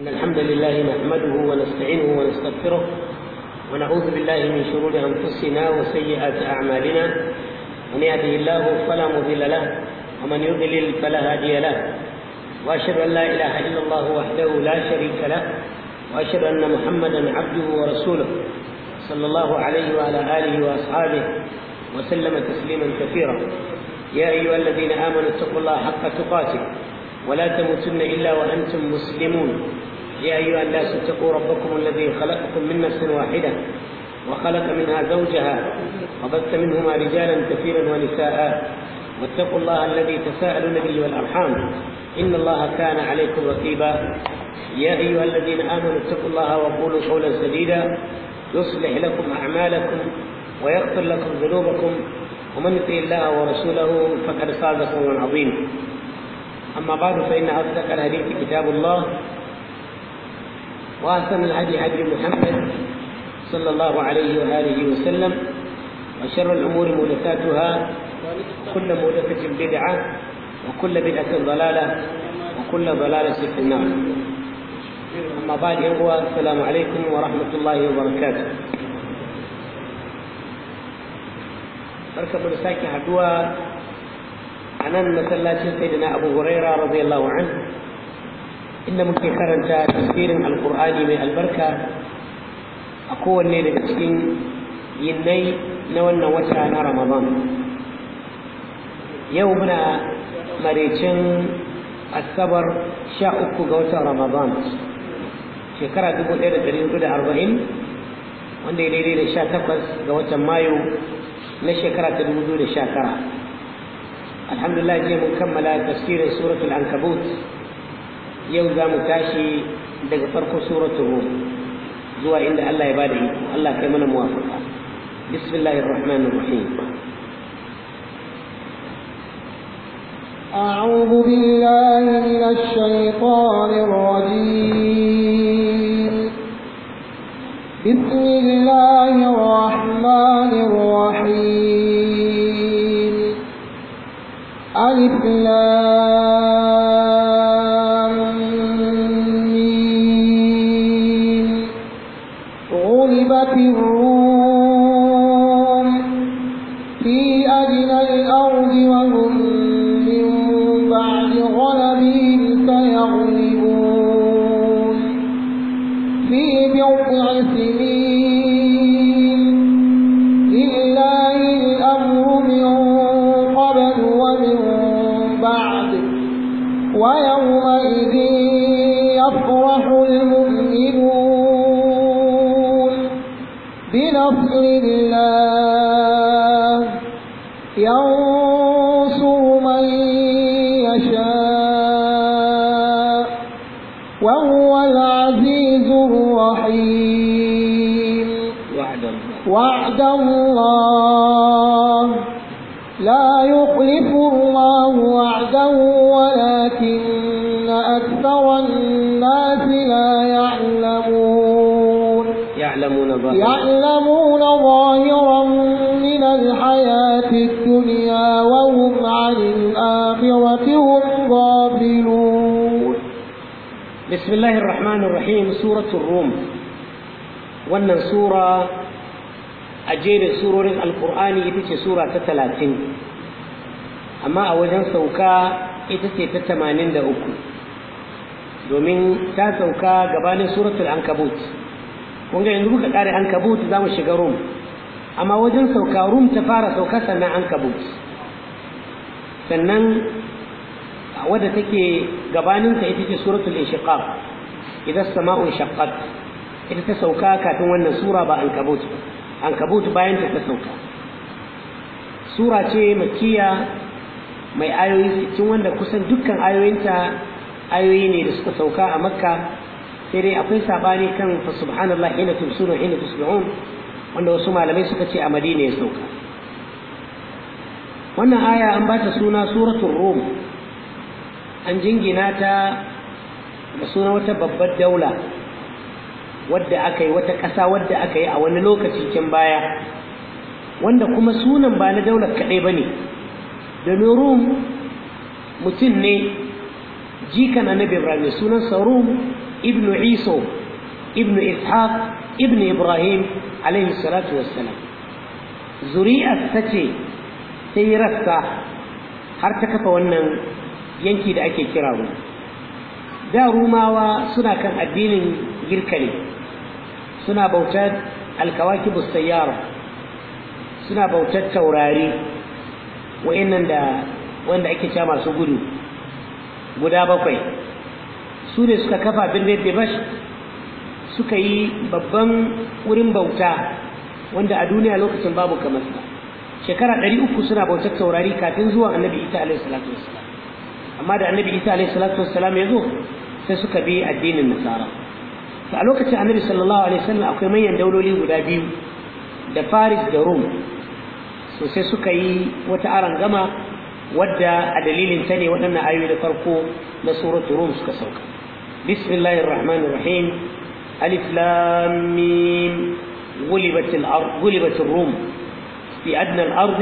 إن الحمد لله نحمده ونستعينه ونستغفره ونعوذ بالله من شرور أنفسنا وسيئات أعمالنا من يهده الله فلا مضل له ومن يضلل فلا هادي له وأشهد أن لا إله إلا الله وحده لا شريك له وأشهد أن محمدا عبده ورسوله صلى الله عليه وعلى آله وأصحابه وسلم تسليما كثيرا يا أيها الذين آمنوا اتقوا الله حق تقاته ولا تموتن إلا وأنتم مسلمون يا أيها الناس اتقوا ربكم الذي خلقكم من نفس واحدة وخلق منها زوجها وبث منهما رجالا كثيرا ونساء واتقوا الله الذي تساءل النبي والأرحام إن الله كان عليكم رقيبا يا أيها الذين آمنوا اتقوا الله وقولوا قولا سديدا يصلح لكم أعمالكم ويغفر لكم ذنوبكم ومن يطع الله ورسوله فقد فاز فوزا عظيما أما بعد فإن أصدق الحديث كتاب الله وأحسن الهدي هدي محمد صلى الله عليه وآله وسلم وشر الأمور مدثاتها كل مدثة بدعة وكل بدعة ضلالة وكل ضلالة في النار أما بعد هو السلام عليكم ورحمة الله وبركاته مركب da sake عنان a سيدنا أبو هريرة رضي الله عنه inda muke karanta tafsirin alkur'ani mai albarka a kowanne daga cikin yinnai na wannan wata na ramadan yau muna maraicin asabar sha uku ga watan ramadan shekara dubu ɗaya da ɗari hudu da arba'in wanda ya daidai da sha takwas ga watan mayu na shekara ta dubu biyu da sha tara alhamdulillah jiya mun kammala tafsirin suratul ankabut yau za mu tashi daga farko suratul rum zuwa inda Allah ya bada iko Allah kai mana muwafaqa bismillahir rahmanir rahim أعوذ بالله من الشيطان الرجيم بسم الله الرحمن الرحيم ألف لله ينصر من يشاء وهو العزيز الرحيم وعد الله, وعد الله لا يخلف الله وعده ولكن أكثر الناس لا يعلمون يعلمون يعلمون في الدنيا وهم عن الآخرة هم غافلون بسم الله الرحمن الرحيم سورة الروم وأن سورة أجير سورة القرآن يتيجي سورة تتلاتين أما أوجن سوكا يتيجي تتمانين دا أكو domin ta sauka gabanin suratul ankabut kun ga yanzu muka kare ankabut za mu shiga amma wajen sauka rum ta fara sauka sannan an kabu sannan wadda take gabaninta ita ce suratul inshiqaq idan sama'u shaqqat ita ta sauka kafin wannan sura ba an kabu an kabu bayan ta ta sauka sura ce makiya mai ayoyi cikin wanda kusan dukkan ayoyinta ayoyi ne da suka sauka a makka sai dai akwai sabani kan fa subhanallah hina tumsirun hina tusbihun wanda wasu malamai suka ce a madina ya sauka wannan aya an ba ta suna suratun rum an jingina ta da suna wata babbar daula wadda aka yi wata ƙasa wadda aka yi a wani lokaci can baya wanda kuma sunan ba na daular kaɗai ba ne domin rum mutum ne jika na nabi ibrahim sunansa ibnu iso ibnu ishaq ibn ibrahim alaihi salatu wassalam zuri'ar ta ce ta yi har ta kafa wannan yanki da ake kira rum da rumawa suna kan addinin girka ne suna bautar alkawakibus sayyara suna bautar taurari wa'annan da wanda ake cewa masu gudu guda bakwai su ne suka kafa birnin dimash suka yi babban wurin bauta wanda a duniya lokacin babu kamar sa shekara ɗari uku suna bautar taurari kafin zuwa annabi isa alaihi salatu wassalam amma da annabi isa alaihi salatu wassalam ya zo sai suka bi addinin nasara to a lokacin annabi sallallahu alaihi wasallam akwai manyan dauloli guda biyu da faris da rum so sai suka yi wata arangama wadda a dalilin ta ne waɗannan ayoyi da farko na suratul rum suka sauka bismillahir rahmanir rahim alif lam mim غلبت الأرض غلبت الروم في أدنى الأرض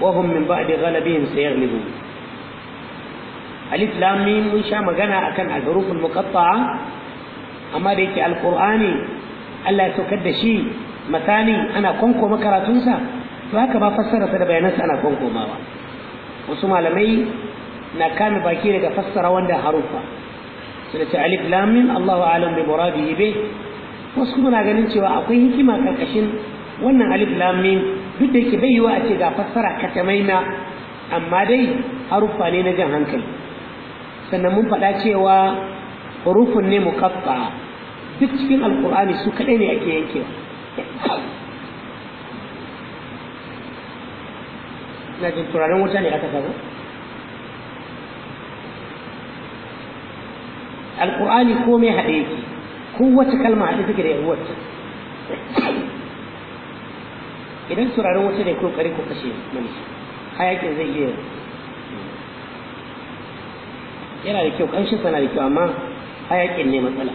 وهم من بعد غلبهم سيغلبون ألف لام ميم من شاء مغنى أكن الحروف المقطعة أما ديك القرآن ألا تكد شيء مثاني أنا كونكو مكرا تنسى فهكذا فسر سنبا ينسى أنا كونكو ماوا وسمع لمي na kame baki daga fassara wanda harufa sai alif lam mim Allahu alam bi muradihi bih wasu kuma na ganin cewa akwai hikima karkashin wannan alif lam mim duk da yake bai yiwa a ce ga fassara katamaina amma dai haruffa ne na jan hankali sannan mun faɗa cewa hurufun ne muqatta duk cikin alqur'ani su kaɗai ne ake yankewa na jin turaren wuta ne aka kawo alqur'ani komai haɗe yake kowace kalma haɗe take da yawarta idan turaren wata ne kokari ku kashe mani hayakin zai iya yana da kyau kanshin sana da kyau amma hayakin ne matsala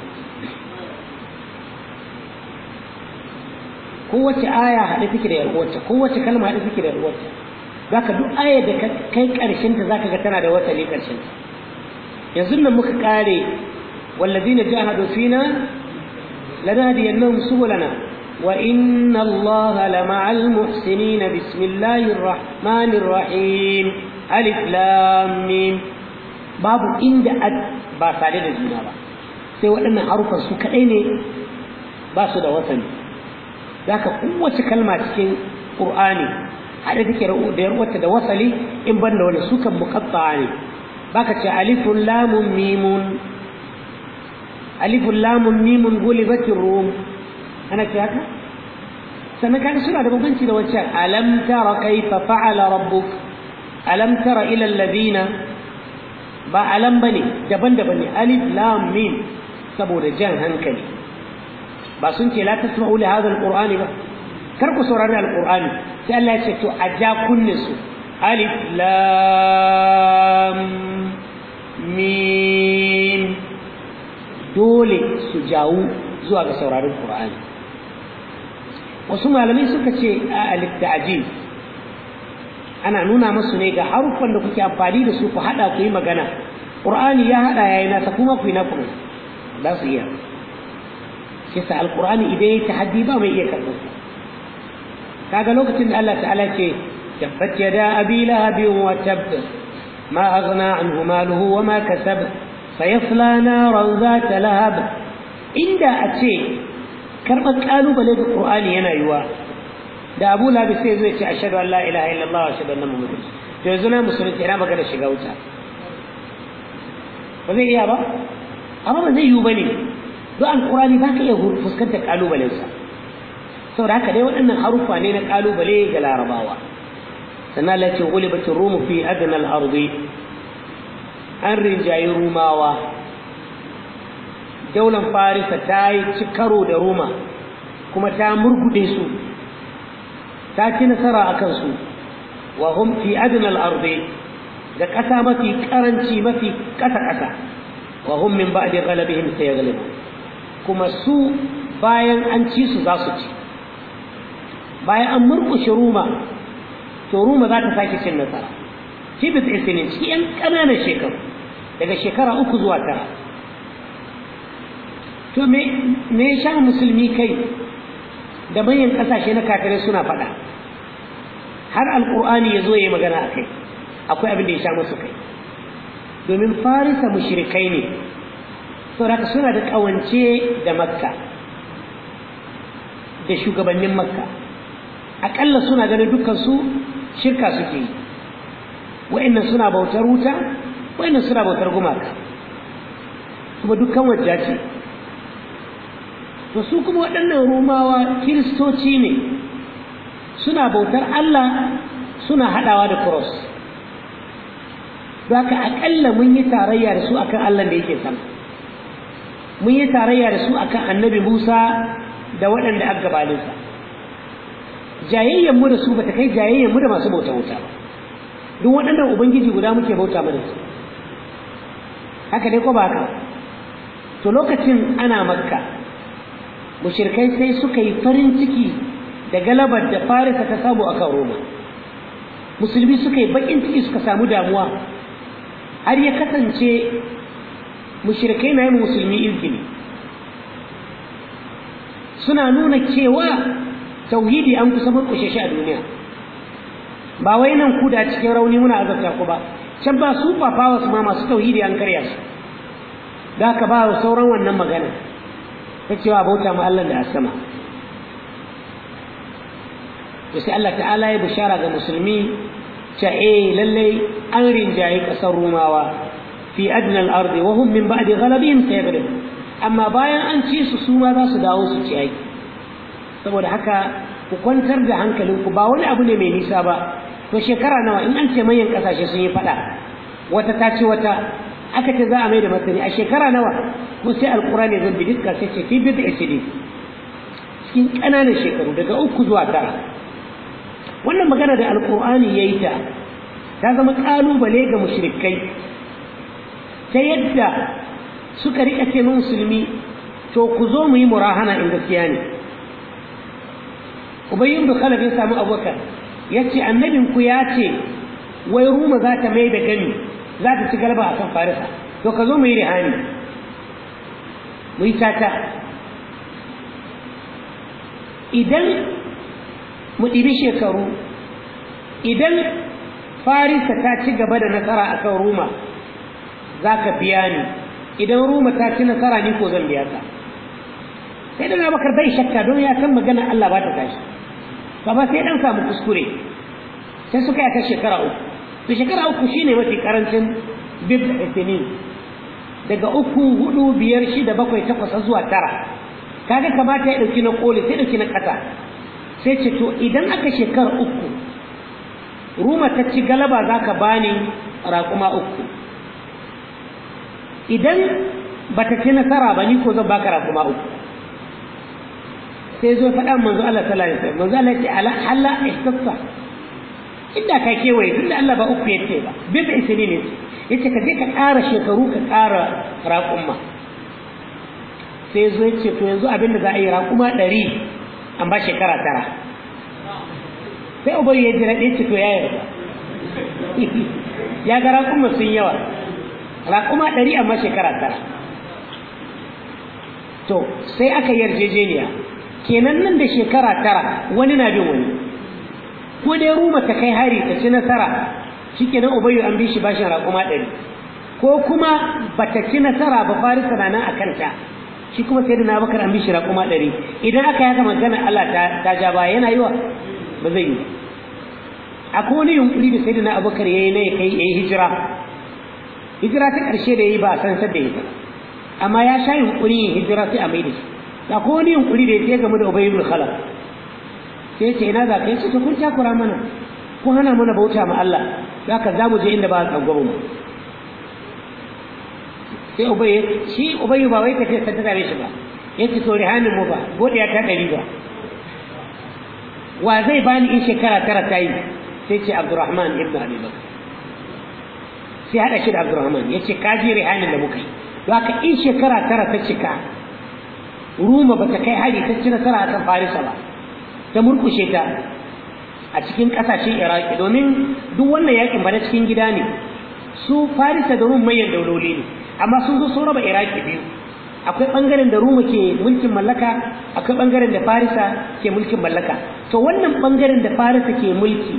kowace aya haɗe take da yarwarta kowace kalma haɗe take da yarwarta zaka duk ayar da kai karshen ta zaka ga tana da ta yanzu nan muka kare والذين جاهدوا فينا لنهدينهم سبلنا وإن الله لمع المحسنين بسم الله الرحمن الرحيم ألف لام ميم باب إند أد با ودنا حروف سو أن ني باسو باسد وطن ذاك قوة كلمة cikin قرآني هذا ذكر ديروة دوصلي إن بنا ولا سكب مقطعاني باكت ألف لام ميم alifun lamun mimun gulibatin rum ana ce haka sannan kaga suna da bambanci da wancan alam tara kaifa fa'ala rabbuk alam tara ila alladhina ba alam bane daban-daban ne alif lam mim saboda jan hankali ba sun ce la tasma'u li hadha alqur'ani ba kar ku saurari alqur'ani sai Allah ya ce to a ja kunne su alif lam mim dole su jawo zuwa ga sauraron Qur'ani wasu malamai suka ce a al ana nuna musu ne ga haruffan da kuke amfani da su ku hada ku yi magana Qur'ani ya hada yayi nasa kuma ku yi naku da su iya shi sa qurani idan ya tahaddi ba mai iya karɓo kaga lokacin da Allah ta'ala ce tabbat yada abi lahabin wa tabb ma aghna anhu maluhu wa ma kasaba sayasla naran ta lahab inda a ce karɓar ƙalubale da ƙur'ani yana yiwa da abu labi sai zai ce ashhadu an la ilaha illallah wa ashhadu anna muhammadan to yanzu na musulunci ina magana shiga wuta ba zai iya ba amma ba zai yiwu ba ne don ƙur'ani ba ka iya fuskantar ƙalubalensa saboda haka dai waɗannan harufa ne na ƙalubale ga larabawa sannan Allah ce gulibatin rumu fi adnal ardi an rinjayi rumawa daular farisa ta yi ci karo da roma kuma ta murgude su ta ci nasara a kansu wa hum fi adnal ardi da ƙasa mafi ƙaranci mafi ƙasa-ƙasa wa hum min ba'di ghalabihim sayaghlibu kuma su bayan an ci su za su ci bayan an murkushe Roma, to Roma za ta sake cin nasara shi isinin cikin ƙananan shekaru daga shekara uku zuwa tara to me ya sha musulmi kai da manyan ƙasashe na kafirai suna faɗa har alƙur'ani ya zo ya yi magana a kai akwai abin da ya sha musu kai domin farisa mushrikai ne saboda suna da ƙawance da makka da shugabannin makka aƙalla suna ganin dukkansu shirka suke yi wa'annan suna bautar wuta wayannan suna bautar gumaka kuma dukkan wajja ce to su kuma waɗannan rumawa kiristoci ne suna bautar Allah suna haɗawa da cross ka aƙalla mun yi tarayya da su akan Allah da yake sama mun yi tarayya da su akan annabi Musa da waɗanda aka gabaninsa jayayyanmu mu da su bata kai jayayyanmu mu da masu bauta wuta ba duk waɗannan ubangiji guda muke bauta mana su haka dai ko ba haka to lokacin ana makka mushirkai sai suka yi farin ciki da galabar da farisa ta samu a kan roma musulmi suka yi bakin ciki suka samu damuwa har ya kasance mushirkai na yi musulmi ne. suna nuna cewa tauhidi an kusa murkushe shi a duniya ba wai nan ku da cikin rauni muna azabta ku ba can ba su fafawa su ma masu tauhidi an karya su da aka ba sauran wannan magana ta cewa bauta ma Allah da asama to sai Allah ta'ala ya bishara ga musulmi cewa eh lallai an rinjaye kasar rumawa fi adna al-ardi wa hum min ba'di ghalabihim sayaghlib amma bayan an ci su su ma za su dawo su ci aiki saboda haka ku kwantar da hankalinku ba wani abu ne mai nisa ba to shekara nawa in an ce manyan kasashe sun yi fada wata ta ce wata aka ce za a mai da martani a shekara nawa ko sai alkurani zan bidis ka sai ce fi bid cikin ƙananan shekaru daga uku zuwa tara wannan magana da alkurani ya yi ta ta zama ƙalubale ga mushrikai ta yadda suka riƙa ce musulmi to ku zo mu yi murahana in gaskiya ne ubayyin da ya samu abokan. ya ce annabinku ya ce wai ruma za ta mai da gani za ta ci galba a kan farisa to ka zo mu yi rihani mu yi tata idan mu ɗibi shekaru idan farisa ta ci gaba da nasara a kan ruma za ka biya ni idan ruma ta ci nasara ni ko zan biya ka sai da na bakar bai shakka don ya san magana allah ba ta tashi kama sai dan samu kuskure sai suka yi ta shekara uku to shekara uku shine mafi karancin bib sinin daga uku hudu biyar shida bakwai takwas zuwa tara Ka kaga kamata ya dauki na koli sai dauki na kasa sai ce to idan aka shekara uku ruma ta ci galaba zaka bani raƙuma uku idan bata ci nasara ba ni ko zan baka raƙuma uku sai zo faɗa manzo Allah ta lai sai manzo Allah ya ce ala hala ihtassa inda ka kewaye tunda Allah ba uku yace ba bid'a isini ne yace ka je ka ƙara shekaru ka ƙara raƙumma sai zo yace to yanzu abin da za a yi raƙuma ɗari an ba shekara tara sai ubari ya jira ɗaya ce to ya yarda ya ga raƙumma sun yawa raƙuma ɗari amma shekara tara to sai aka yarjejeniya kenan nan da shekara tara wani na bin wani ko dai ruma ta kai hari ta ci nasara shikenan ubayyu an bi shi bashin raƙuma ɗari ko kuma ba ta ci nasara ba fari sanana a kanta shi kuma sai da na bakar an bi shi raƙuma ɗari idan aka yaka magana Allah ta ja ba yana yi wa ba zai yi akwai wani yunkuri da sai da na abubakar ya yi na ya kai ya yi hijira hijira ta ƙarshe da ya yi ba a san sadda ya yi amma ya sha yunkuri hijira sai a mai da shi da ko wani yunkuri da ya game da ubayi bin khalaf sai ce ina za ka yi ce kun kura mana kun hana mana bauta ma Allah za ka za mu je inda ba a tsangwama mu sai ubayi shi ubayi ba wai ka ce ta zame shi ba ya ce to rihanin mu ba godiya ta ɗari ba wa zai bani in shekara tara ta yi sai ce abdurrahman ibn abi sai haɗa shi da abdurrahman ya ce ka ji rihanin da muka yi haka in shekara tara ta cika ruma ba ta kai hari ta ci nasara kan farisa ba ta murkushe ta a cikin ƙasashen iraki domin duk wannan yakin ba na cikin gida ne su farisa da rum mayan dauloli ne amma sun zo sun raba iraki biyu akwai bangaren da ruma ke mulkin mallaka akwai bangaren da farisa ke mulkin mallaka to wannan bangaren da farisa ke mulki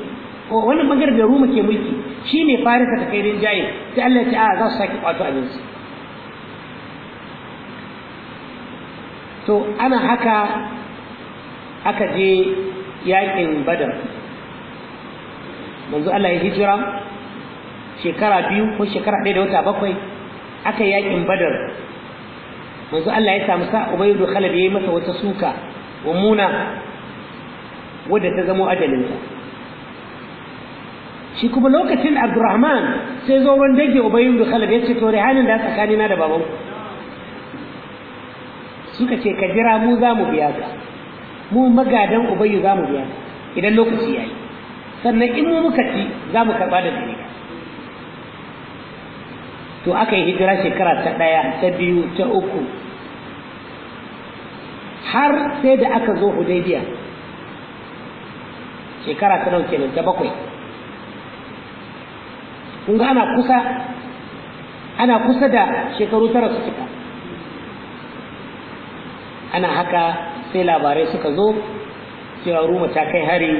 ko wannan bangaren da ruma ke mulki shine farisa ta kai rinjaye sai Allah ya ce a za su saki kwato abinci to ana haka aka je yakin badar manzo Allah ya hijira shekara biyu ko shekara ɗaya da wata bakwai aka yi yakin badar manzo Allah ya samu sa ubaydu khalid yayi masa wata suka wa muna wadda ta zamo ajalinsa shi kuma lokacin abdurrahman sai zo ran dage ubaydu khalid ya ce to rihanin da tsakanina da babanku suka ce ka jira mu za mu biya ka mu magadan ubayyu za mu biya ka idan lokaci yayi sannan in mu muka ci za mu karɓa da gare to aka yi hijira shekara ta ɗaya ta biyu ta uku har sai da aka zo hudaybiya shekara ta nauke nan ta bakwai kun ga ana kusa ana kusa da shekaru tara su cika ana haka sai labarai suka zo cewa ruma ta kai hari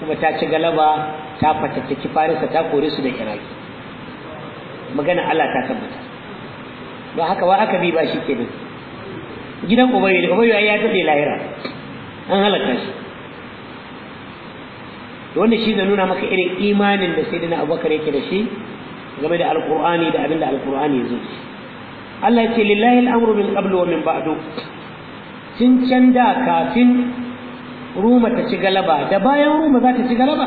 kuma ta ci galaba ta fatattaki farisa ta kore su da iraki magana allah ta tabbata don haka ba aka bi ba shi kenan gidan ubayu da ubayu ya daɗe lahira an halaka shi wanda shi zai nuna maka irin imanin da sai dina abubakar yake da shi game da alkur'ani da abin da alkur'ani ya zo Allah ya ce lillahi al'amru min qablu wa min ba'du tun can da kafin ruma ta ci galaba da bayan ruma za ta ci galaba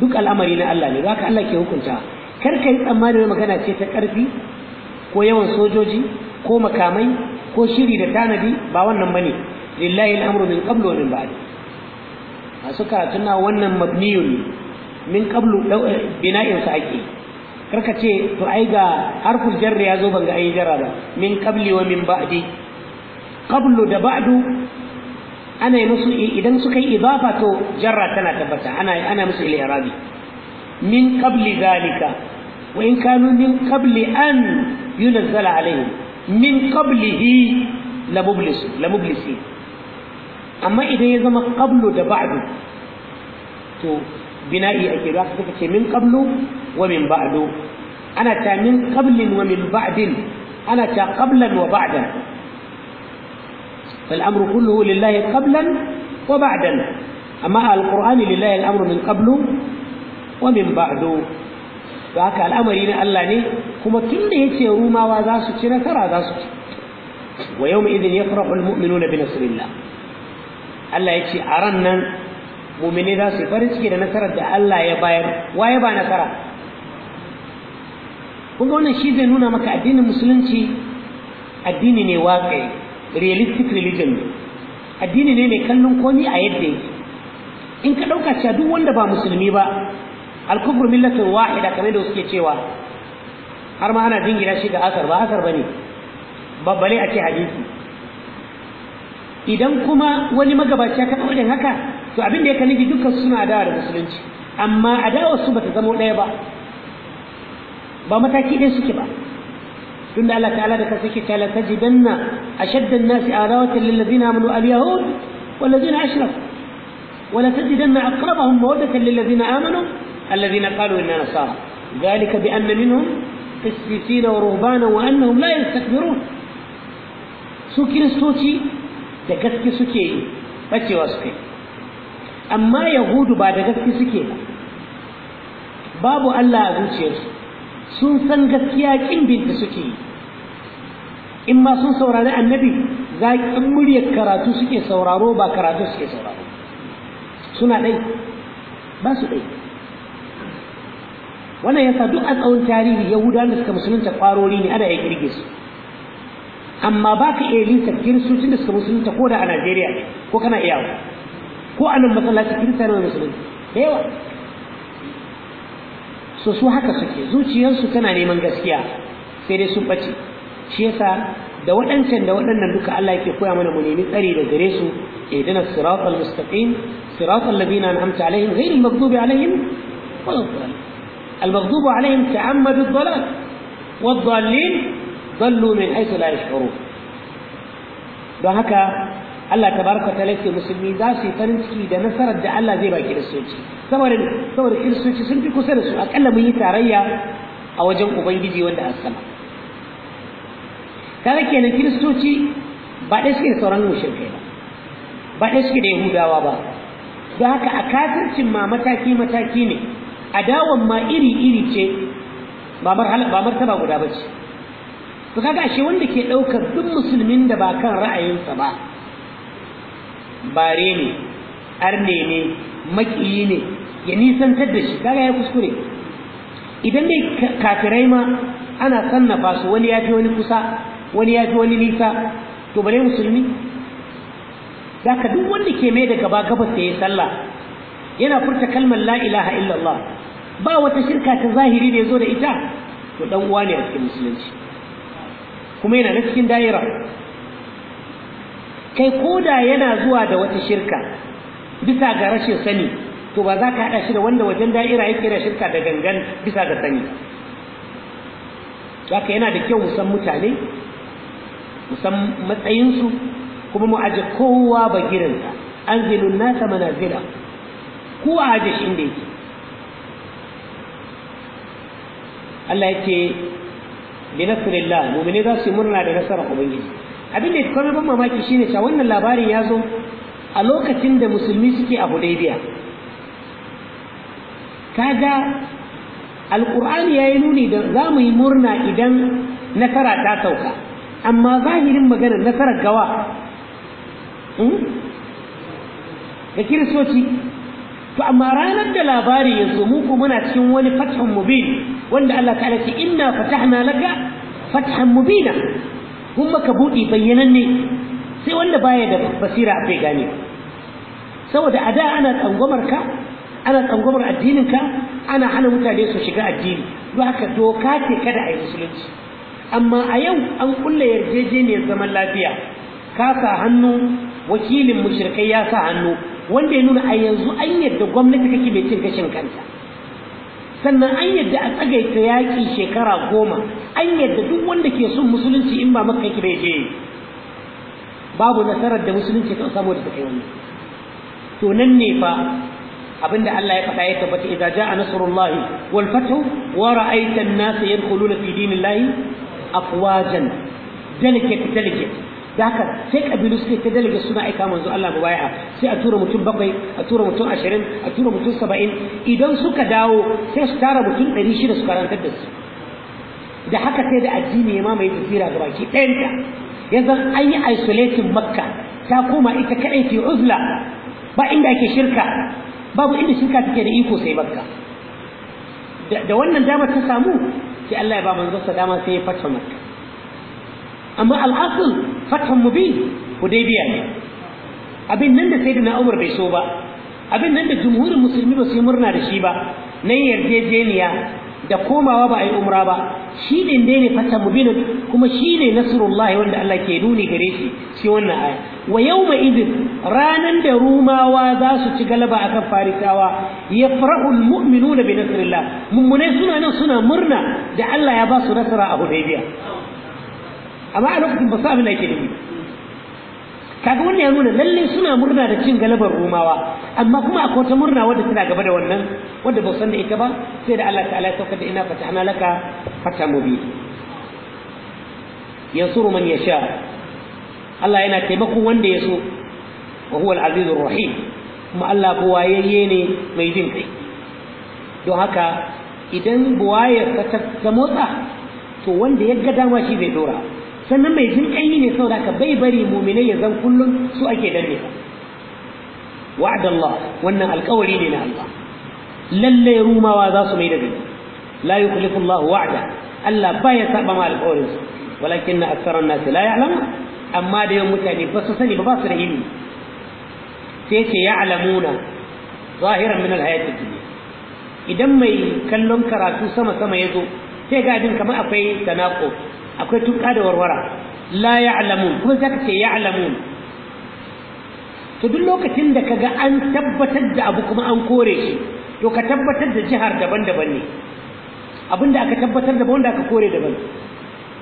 duk al'amari na Allah ne ka Allah ke hukunta kar ka yi tsammanin magana ce ta ƙarfi ko yawan sojoji ko makamai ko shiri da tanadi ba wannan bane lillahi al'amru min qablu wa min ba'd masu karatuna wannan mabniyun min qablu bina'in sa ake karka ce to ai ga harful jarri ya zo ban ga ayi jarra ba min qabli wa min ba'di qablu da ba'du ana yi musu idan suka yi idafa to jarra tana tabbata ana ana musu al-i'rabi min qabli zalika wa in kanu min qabli an yunzala alaihim min qablihi la mublis la mublisi amma idan ya zama qablu da ba'du to bina'i ake da aka ce min qablu wa min ba'du ana ta min qablin wa min ba'din ana ta qablan wa ba'dan فالأمر كله لله قبلا وبعدا أما القرآن لله الأمر من قبل ومن بعد فهكا الأمر إن الله ني كما تنده يتيروما وذاسو تنكرا ذاسو ويومئذ يفرح المؤمنون بنصر الله الله يتي أرنا مؤمنين ذاسو فرسكي لنصر الله يباير ويبا نصر kun ga wannan shi zai nuna maka addinin musulunci addini ne waƙai realistic religion ne addini ne mai kallon komi a yadda yake in ka ɗauka cewa duk wanda ba musulmi ba alkufur millatun wahida kamar da suke cewa har ma ana jingina shi ga asar ba asar ba ne a ce hadisi idan kuma wani magabaci ya taɓa irin haka to abin da ya kalli dukkan suna adawa da musulunci amma adawar su bata zama daya ba ba mataki ɗaya suke ba ثم قال تعالى لك قال تجدن أشد الناس آلاوة للذين آمنوا اليهود والذين أشركوا ولتجدن أقربهم مودة للذين آمنوا الذين قالوا إننا نصارى ذلك بأن منهم قسيسين ورهبانا وأنهم لا يستكبرون su kiristoci da gaske فتي واسكي أما يهود بعد yahudu ba باب الله suke ba sun san gaskiya kin da suke yi in ma sun saurari annabi zaƙin muryar karatu suke sauraro ba karatu suke sauraro suna ɗai ba su ɗai wannan yasa duk a tsawon tarihi yahudawan da suka musulunta kwarori ne ana ya girge su amma ba ka iya lisa kiristocin da suka musulunta ko da a najeriya ko kana iya ko a nan masallaci kirista ne musulunta da yawa so su haka suke zuciyarsu tana neman gaskiya sai dai sun bace shi yasa da waɗancan da waɗannan duka Allah yake koya mana mu nemi tsari da gare su ihdina siratal mustaqim siratal ladina an'amta alaihim ghayril maghdubi alaihim waladdallin المغضوب عليهم تعمد الضلال والضالين ضلوا من حيث لا يشعرون don haka Allah tabaraka ta lake musulmi za su yi farin ciki da nasarar da Allah zai ba kiristoci saboda saboda kiristoci sun fi kusa da su akalla mun yi tarayya a wajen ubangiji wanda a sama kaga kenan kiristoci ba ɗaya suke da sauran mushrikai ba ba ɗaya suke da yahudawa ba don haka a kafircin ma mataki mataki ne adawan ma iri iri ce ba martaba guda ba ce to kaga ashe wanda ke ɗaukar duk musulmin da ba kan ra'ayinsa ba bare ne arne ne makiyi ne ya nisantar da shi kaga ya kuskure idan dai kafirai ma ana sannafa su wani ya fi wani kusa wani ya fi wani nisa to bare musulmi za ka duk wanda ke mai da gaba gabas da ya sallah yana furta kalmar la ilaha illallah ba wata shirka ta zahiri da ya zo da ita to dan uwa ne a cikin musulunci kuma yana na cikin daira kai koda yana zuwa da wata shirka bisa ga rashin sani to ba za ka haɗa shi da wanda wajen da'ira yake da shirka da gangan bisa ga sani haka yana da kyau musan mutane musan matsayinsu kuma mu aje kowa ba girinsa an zilun nasa manazila kowa aje shi inda yake Allah ya ce bi nasrillah mu'mini za su murna da nasarar ubangiji abin da ya ban mamaki shine cewa wannan labarin ya zo a lokacin da musulmi suke a hudaybiya kaga alqur'ani yayi nuni da za mu yi murna idan nasara ta sauka amma zahirin magana nasarar gawa ga hmm? kiristoci to amma ranar da labari ya zo muku muna cikin wani fathun mubin wanda Allah ta'ala ce inna fatahna laka fathan mubina kun maka buɗi ne sai wanda baya da basira bai gane saboda a da ana tsangwamar ka ana tsangwamar addinin ka ana hana mutane su shiga addini don haka doka ce kada a yi musulunci amma a yau an kulle yarjejeniyar zaman lafiya ka sa hannu wakilin mushirkai ya sa hannu wanda ya nuna a yanzu an yarda gwamnati kake mai cin gashin kanta sannan an yadda a tsagaita yaƙi shekara goma an yadda duk wanda ke son musulunci in ba maka yake bai je babu nasarar da musulunci kan samu da kai to nan ne fa abinda Allah ya faɗa ya tabbata idza jaa nasrullahi wal fathu wa ra'aita an-nasa yadkhuluna fi dinillahi afwajan delicate delicate da haka sai kabilu suke ta dalaga suna aika manzo Allah baya sai a tura mutum bakwai a tura mutum ashirin a tura mutum saba'in idan suka dawo sai su tara mutum ɗari shida su karanta da su da haka sai da addini ya mamaye tasira ga baki ɗayanta yanzu an yi isolating makka ta koma ita kaɗai ke uzla ba inda ake shirka babu inda shirka take da iko sai makka da wannan damar ta samu sai Allah ya ba manzon sa dama sai ya fata makka amma al'asul fatan mubin hudaybiya ne abin nan da sayyidina umar bai so ba abin nan da jumhurin musulmi ba su yi murna da shi ba na yarjejeniya da komawa ba a yi umra ba shi din dai ne fatan mubin kuma shi ne nasrullahi wanda Allah ke nuni gare shi shi wannan aya wa yawma idin ranan da rumawa za su ci galaba akan farisawa yafrahu da bi nasrillah mummunai suna nan suna murna da Allah ya ba su nasara a hudaybiya amma a lokacin ba su abin da yake nufi kaga wannan ya nuna lalle suna murna da cin galabar rumawa amma kuma akwai wata murna wadda tana gaba da wannan wadda ba san da ita ba sai da Allah ta'ala ya sauka da ina fatahna laka fata mubi yansuru man yasha Allah yana taimakon wanda ya so wa huwa al-azizur rahim kuma Allah wayayye ne mai jin kai don haka idan buwayar ta motsa to wanda ya ga dama shi bai dora sannan mai jin ƙaini ne saboda ka bai bari muminai ya zan kullum su ake danne wa'ad Allah wannan alƙawari ne na Allah lalle rumawa za su mai da gani la yukhlifu Allah wa'da Allah baya saba ma alƙawarin su walakin aktharan nas la ya'lamu amma da yawan mutane ba su sani ba ba su da ilimi sai ce ya'lamuna zahiran min alhayati dunya idan mai kallon karatu sama sama ya zo sai ga abin kamar akwai tanaqo akwai tuka da warwara la ya ya'lamun kuma za ka ce ya ya'lamun to duk lokacin da kaga an tabbatar da abu kuma an kore shi to ka tabbatar da jihar daban-daban ne abinda aka tabbatar da wanda aka kore daban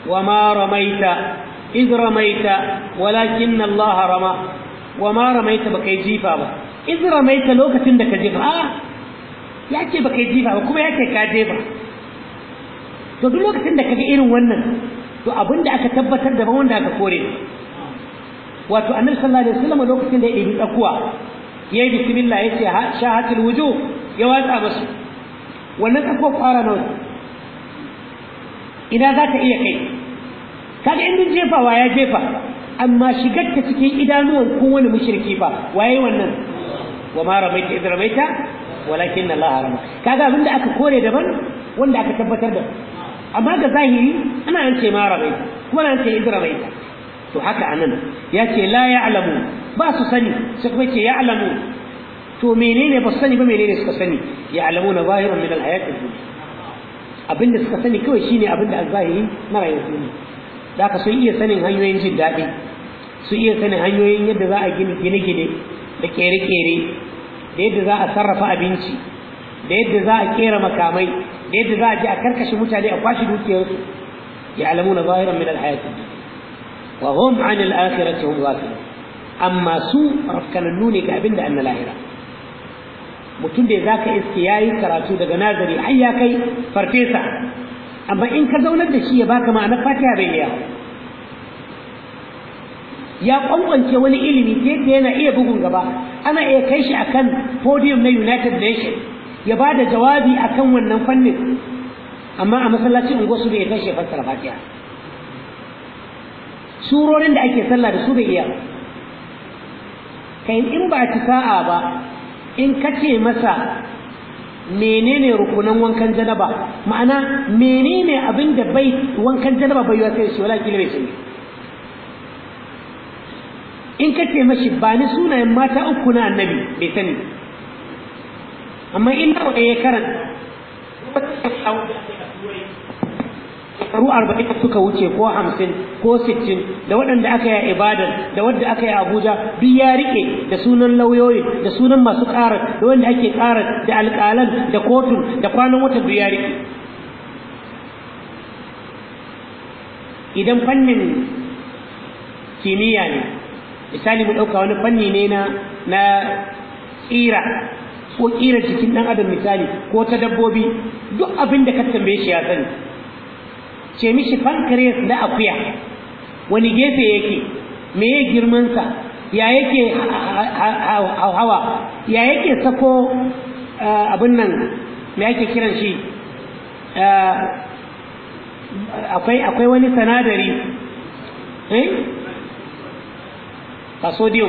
wa ma ramaita iz ramaita walakin Allah rama wa ma ramaita baka jifa ba iz ramaita lokacin da ka jifa a yake baka jifa ba kuma yake ka jefa to duk lokacin da kaga irin wannan to abinda aka tabbatar daban wanda aka kore wato annabi sallallahu alaihi wasallam lokacin da ya ɗibi tsakuwa ya yi bismillah ya ce shahatul wujuh ya watsa musu wannan tsakuwa fara nawa ina za ta iya kai kaga in jefawa ya jefa amma shigar ta cikin idanuwan kowane mushriki fa waye wannan wa ma ramaita idh ramaita walakin Allah harama kaga abinda aka kore daban wanda aka tabbatar da amma ga zahiri ana yanke ce ma rabai kuma na yanke idra bai to haka anan ya ce la ya'lamu ba su sani sai kuma ce ya'lamu to menene ba su sani ba menene suka sani ya'lamuna zahiran min al-hayat ad-dunya abinda suka sani kawai shine abinda al-zahiri na rayuwar duniya da ka sun iya sanin hanyoyin jin daɗi su iya sanin hanyoyin yadda za a gina gine-gine da kere-kere da yadda za a sarrafa abinci da yadda za a kera makamai da yadda za a je a karkashe mutane a kwashe dukiyarsu يعلمون ظاهرا من الحياة وهم عن الآخرة هم غافلون أما سوء رفكن النوني كأبن لأن الآخرة mutum da za ka iske ya yi karatu daga nazari har ya kai farfesa amma in ka zaunar da shi ya baka ma'ana fatiha bai iya ya kwankwance wani ilimi ta yadda yana iya bugun gaba ana iya kai shi akan podium na united nations ya ba da jawabi akan wannan fannin amma a masallacin unguwa su bai kai shi fassara fatiha surorin da ake sallah da su bai iya kai in ba ci sa'a ba in kace masa menene rukunan wankan janaba ma'ana menene abin da bai wankan janaba bai yiwa sai shi wala kila bai sani in kace mashi ba ni sunayen mata uku na annabi bai sani amma in da ya karanta aru arba'in suka wuce ko hamsin ko sittin da waɗanda aka yi ibadan da wadda aka yi abuja duk ya riƙe da sunan lauyoyin da sunan masu ƙarar da waɗanda ake ƙarar da alƙalan da kotun da kwanan wata duk ya riƙe idan fannin kiniyya ne misali mu ɗauka wani fanni ne na na tsira ko kira jikin ɗan adam misali ko ta dabbobi duk abin da ka tambaye shi ya sani ce mishi pancreas da akuya wani gefe yake me ya girmansa ya yake hawa ya yake sako eh, abin nan me ake kiran shi eh, akwai akwai wani sanadari eh sodium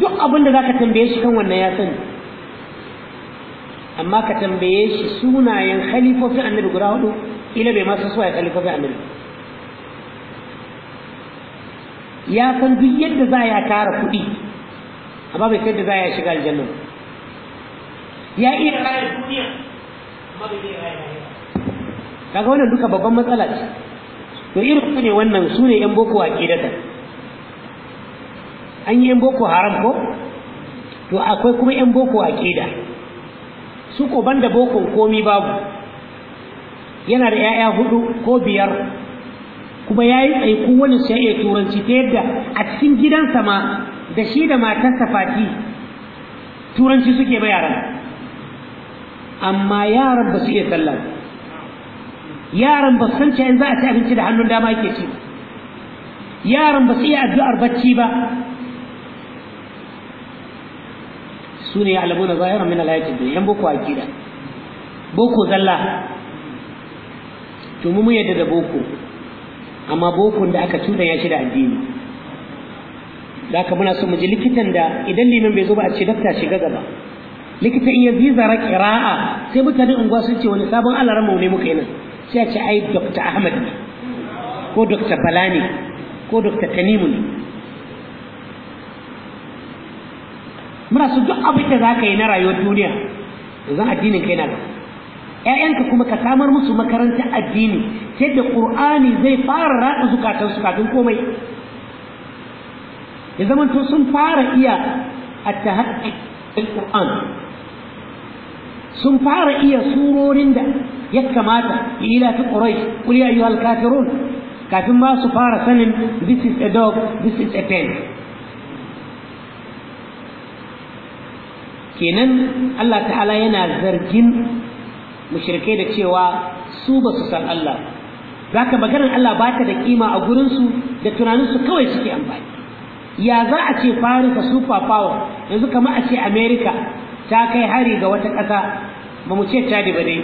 duk abin da ka tambaye shi kan wannan ya sani amma ka tambaye shi sunayen halifofin annabi guda hudu ila bai masu ya khalifofin annabi ya san duk yadda za ya tara kuɗi amma bai san da za ya shiga aljanna ya iya rayar duniya amma bai iya rayar kaga wannan duka babban matsala ce to irin su ne wannan su ne yan boko a kidata an yi yan boko haram ko to akwai kuma yan boko a keda su ko banda boko komi babu yana da 'ya'ya hudu ko biyar kuma ya yi tsaiku wani sai ya turanci ta yadda a cikin gidansa ma da shi da matarsa fati turanci suke ba yaran amma yaran ba su iya sallah yaran ba su san cewa za a ci abinci da hannun dama yake ci yaran ba su iya addu'ar bacci ba su ne ya'lamuna zahiran min al-hayati dunya yan boko akida boko zalla to mu yadda da boko amma bokon da aka tuda ya shi da addini da aka muna so mu ji likitan da idan liman bai zo ba a ce dakta shiga gaba likita iya zara kira'a sai mutane unguwa sun ce wani sabon alarama ne muka yi sai a ce ai dr ahmad ne ko dr bala ne ko dr tanimu ne muna su duk abin da zaka yi na rayuwar duniya zan addinin kai na gaba ƴaƴanka kuma ka samar musu makaranta addini yadda qur'ani zai fara raɗa zukatan su kafin komai ya zamanto sun fara iya at sun fara iya surorin da ya kamata ya ila ta ƙurai, qul ya ayyuhal kafin ma su fara sanin this is a dog this is a pen kenan Allah ta'ala yana zargin mushrikai da cewa su ba su san Allah za ka maganar Allah ba ta da kima a gurinsu da tunaninsu kawai suke amfani ya za a ce faruka super power yanzu kama a ce america ta kai hari ga wata ƙasa ba mu ce chadi ba ne,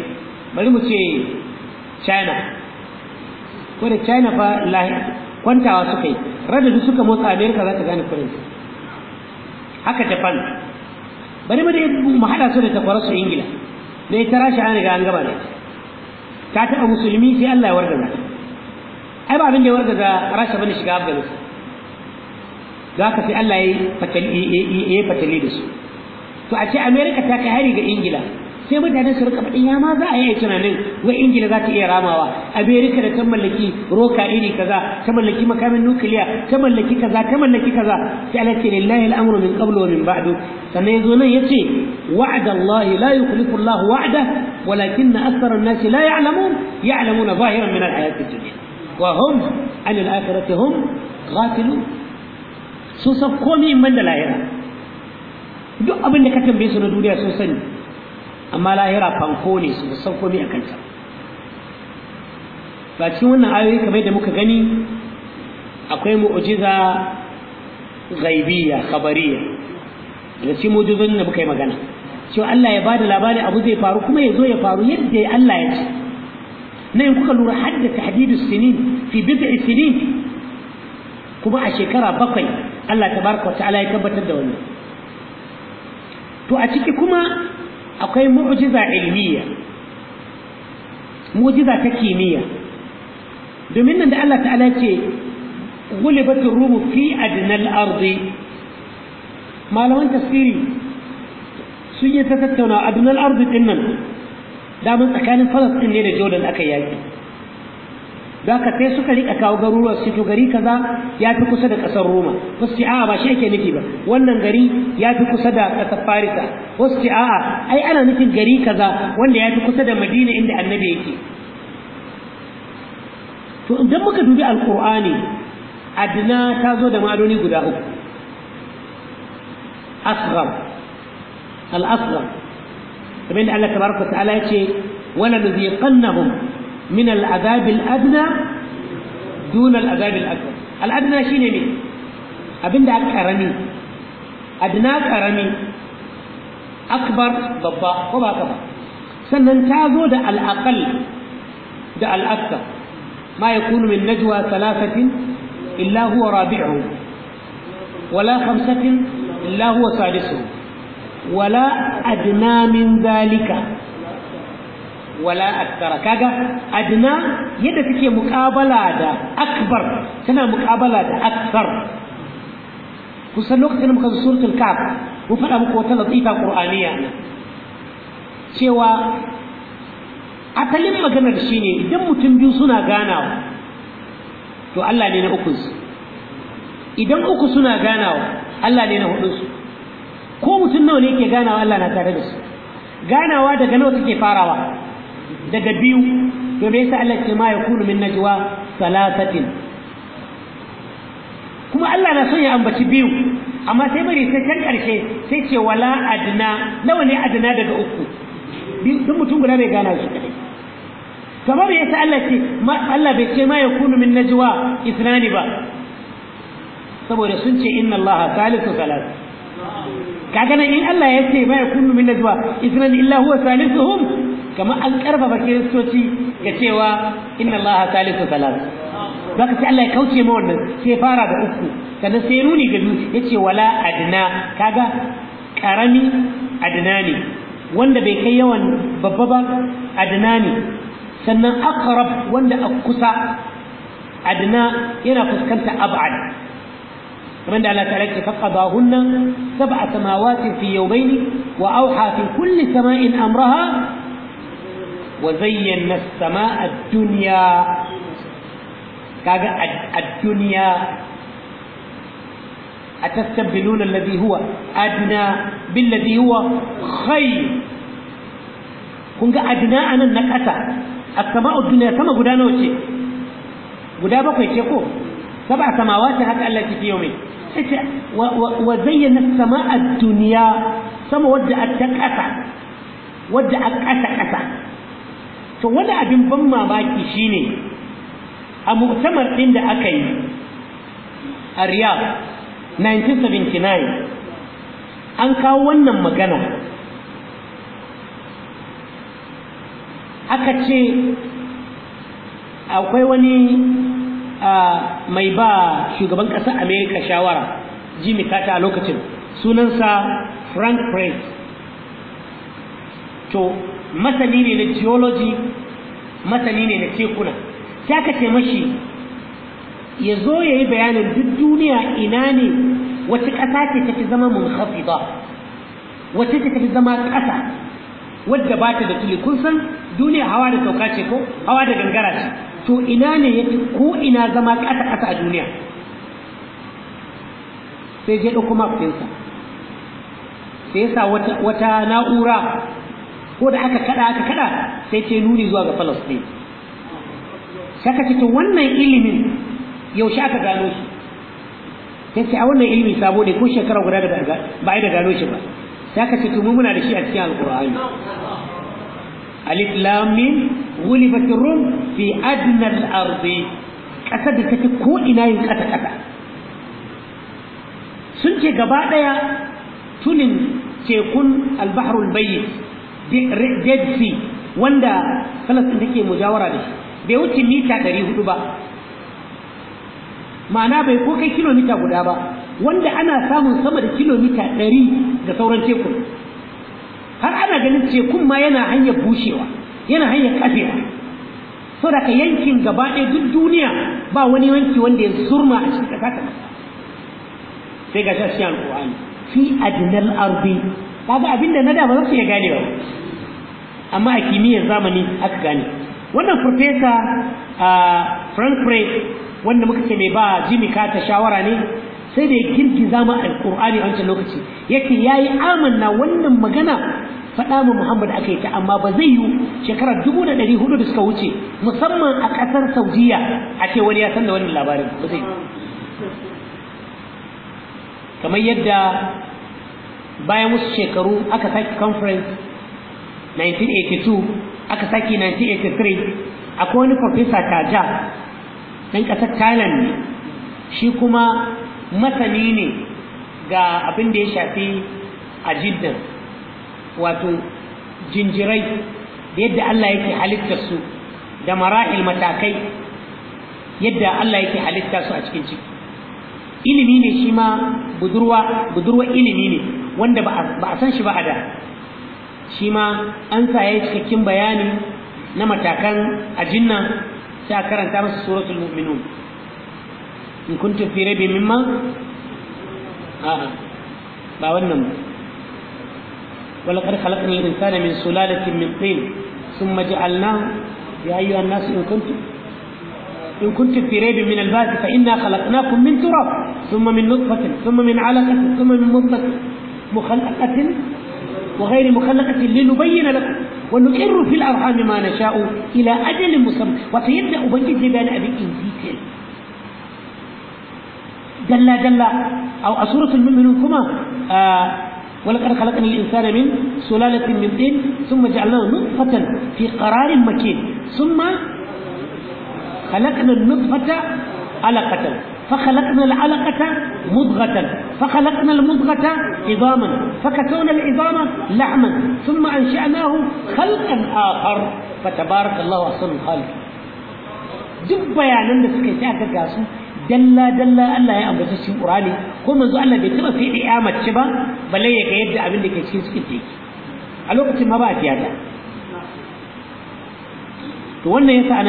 bari mu ce china ko da china fa kwantawa suka yi radadu suka motsa Amerika za ta gane kurinsu haka japan bari mu da mu haɗa su da tafararsu ingila da ita rashi an ga an gaba da ta taɓa musulmi sai allah ya wargaza ai ba abin da ya wargaza rasha bane shiga afghanistan za ka sai allah ya yi fatali da su to a ce america ta kai hari ga ingila sai mutane su rika faɗin ya ma za a yi tunanin wai ingila za ta iya ramawa amerika da ta mallaki roka iri kaza ta mallaki makamin nukiliya ta mallaki kaza ta mallaki kaza sai ala ce lillahi al'amru min qablu wa min ba'du sannan yazo nan yace wa'ada allah la yukhlifu allah wa'da walakinna akthara an-nasi la ya'lamun ya'lamuna zahiran min al-hayat ad-dunya wa hum an al-akhirati hum ghafilun sun san komai man da lahira duk abin da ka tambaye su na duniya sun sani amma lahira fanko ne su san komai a kanta ba cikin wannan ayoyi kamar da muka gani akwai mu'jiza ghaibiyya khabariya da cikin mu'jizan da muka yi magana cewa Allah ya bada labari abu zai faru kuma ya zo ya faru yadda Allah ya ce na yin kuka lura hadda tahdidu sinin fi bid'i sinin kuma a shekara bakwai Allah tabaraka wa ta'ala ya tabbatar da wannan to a ciki kuma akwai mu'jiza ilmiya mu'jiza ta kimiyya domin nan da Allah ta'ala ce غلبت rumu fi أدنى الأرض malaman tasiri sun yi ta tattauna a dunar din nan damar tsakanin falastin ne da jordan aka yaki da haka sai suka rika kawo garuruwa su to gari kaza ya fi kusa da ƙasar roma wasu ce a'a ba shi yake nufi ba wannan gari ya fi kusa da ƙasar farisa wasu ce a'a ai ana nufin gari kaza wanda ya fi kusa da madina inda annabi yake to idan muka dubi alƙur'ani adina ta zo da ma'adoni guda uku asghar al-asghar kamar da Allah tabaraka ta'ala ya ce wala nuziqannahum من العذاب الأدنى دون العذاب الأكبر الأدنى شيء مين أبن ده كرمي أدنى كرمي أكبر ضباء وما كبر سنن تازو ده الأقل ده الأكثر ما يكون من نجوى ثلاثة إلا هو رابعهم ولا خمسة إلا هو سادسهم ولا أدنى من ذلك wala akthara kaga adna yadda take muqabala da akbar tana muqabala da akthar kusan lokacin da muka zo suratul kaf mun faɗa muku wata latifa qur'aniya cewa asalin maganar shine idan mutum biyu suna ganawa to Allah ne na ukunsu idan uku suna ganawa Allah ne na hudunsu ko mutum nawa ne ke ganawa Allah na tare da su ganawa daga nawa take farawa daga biyu to me yasa Allah ce ma yakunu min najwa salasatin kuma Allah na son ya ambaci biyu amma sai bari sai can karshe sai ce wala adna nawa ne adna daga uku duk mutum guda bai gana shi kadai kamar yasa Allah ce Allah bai ce ma yakunu min najwa isnani ba saboda sun ce inna Allah salisu salas kaga nan in Allah ya ce ma yakunu min najwa isnani illa huwa salisuhum kamar an karfafa kiristoci ga cewa inna allaha salisu salat zaka sai Allah ya kauce ma wannan sai fara da uku Kana sai nuni ga biyu yace wala adna kaga karami adna ne wanda bai kai yawan babba ba adna ne sannan aqrab wanda a kusa adna yana fuskanta ab'ad kamar da Allah ta'ala ya faqadahunna sab'a samawati fi yawmayn wa awha fi kulli sama'in amraha وَزَيَّنَّا السَّمَاءَ الدُّنْيَا كَاغَ الدُّنْيَا أَتَسْتَبْدِلُونَ الَّذِي هُوَ أَدْنَى بِالَّذِي هُوَ خَيْرٌ kunga adna anan na kasa as-sama'ud dunya sama guda nawa ce guda bakwai ce ko sab'a samawati haka Allah ke yau mai sai wa zayyana as sama wadda a ƙasa kasa to wani abin ban mamaki shine a muktamar ɗin da aka yi a riyadh 1979 an kawo wannan magana aka ce akwai wani mai ba shugaban ƙasar amerika shawara jimmy carter a lokacin sunansa frank prince to masani ne na geology masani ne na tekuna sai aka ce mashi ya zo ya yi bayanin duk duniya ina ne wata ƙasa ce ta fi zama mun ba? wata ce ta fi zama ƙasa wadda ba ta da tuli kun san duniya hawa da sauka ce ko hawa da gangara ce to ina ne ya ko ina zama ƙasa ƙasa a duniya sai je ɗauko map ɗinsa sai sa wata na'ura ko da aka kada aka kada sai ta nuni zuwa ga Palestine saka ce to wannan ilimin yaushe aka gano shi sai ce a wannan ilimin sabo ne ko shekara guda da ba ai da gano shi ba saka ce to mu muna da shi a cikin alqur'ani alif lam mim غلبت fi في أدنى الأرض ƙasar da take ko ina yin kata kata sun ce gaba ɗaya tunin tekun albaharul bayyin dead sea wanda falastin take mujawara da shi bai wuce mita ɗari hudu ba ma'ana bai ko kai kilomita guda ba wanda ana samun sama da kilomita ɗari ga sauran teku har ana ganin tekun ma yana hanyar bushewa yana hanyar kafewa da ka yankin gaba ɗaya duk duniya ba wani yanki wanda ya zurma a cikin ƙasa ta sai ga shi alƙur'ani fi adnal arbi ba abinda na da ba za su iya ba. amma a kimiyyar zamani aka gane wannan furfesa a frank frey wanda muka ce mai ba jimmy carter shawara ne sai da ya zama ma ƙurani a wancan lokaci yake yi amanna wannan magana faɗa ma Muhammad aka yi ta amma ba zai yiwu shekarar dubu da ɗari hudu da suka wuce musamman a ƙasar Saudiya a ce wani ya san da wannan labarin ba zai kamar yadda bayan wasu shekaru aka sake conference 1982 aka sake 1983 akwai wani profesa taja ɗan ƙasar thailand ne shi kuma masani ne ga abin da ya shafi ajiddan wato jinjirai da yadda allah yake halitta su da mara'il matakai yadda allah yake halitta su a cikin ciki ilimi ne shi ma budurwa ilimi ne wanda ba a san shi ba a da shi ma an sa ya yi cikakken bayani na matakan ajinna sai a karanta masa suratul mu'minun in kuntum fi rabi mimma a'a ba wannan ba ولقد خلقنا الإنسان من سلالة من طين ثم جعلناه يا أيها الناس إن كنتم إن كنتم في ريب من البعث فإنا خلقناكم من تراب ثم من نطفة ثم من علقة ثم من مضغة مخلقة وغير مخلقة لنبين لكم ونقر في الأرحام ما نشاء إلى أجل مسمى وسيبدأ بنجي بيان أبي جل جل أو أسورة المؤمنون كما آه ولقد خلقنا الإنسان من سلالة من طين ثم جعلناه نطفة في قرار مكين ثم خلقنا النطفة علقة فخلقنا العلقة مضغة فخلقنا المضغة عظاما فكسونا العظام لحما ثم أنشأناه خلقا آخر فتبارك الله أحسن الخالق duk bayanan da suka yi aka ga su dalla dalla Allah ya ambaci cikin Qur'ani ko manzo Allah bai taba sai iya mace ba balle ya ga yadda abin da ke cikin cikin take a lokacin ma ba a tiyata to wannan yasa a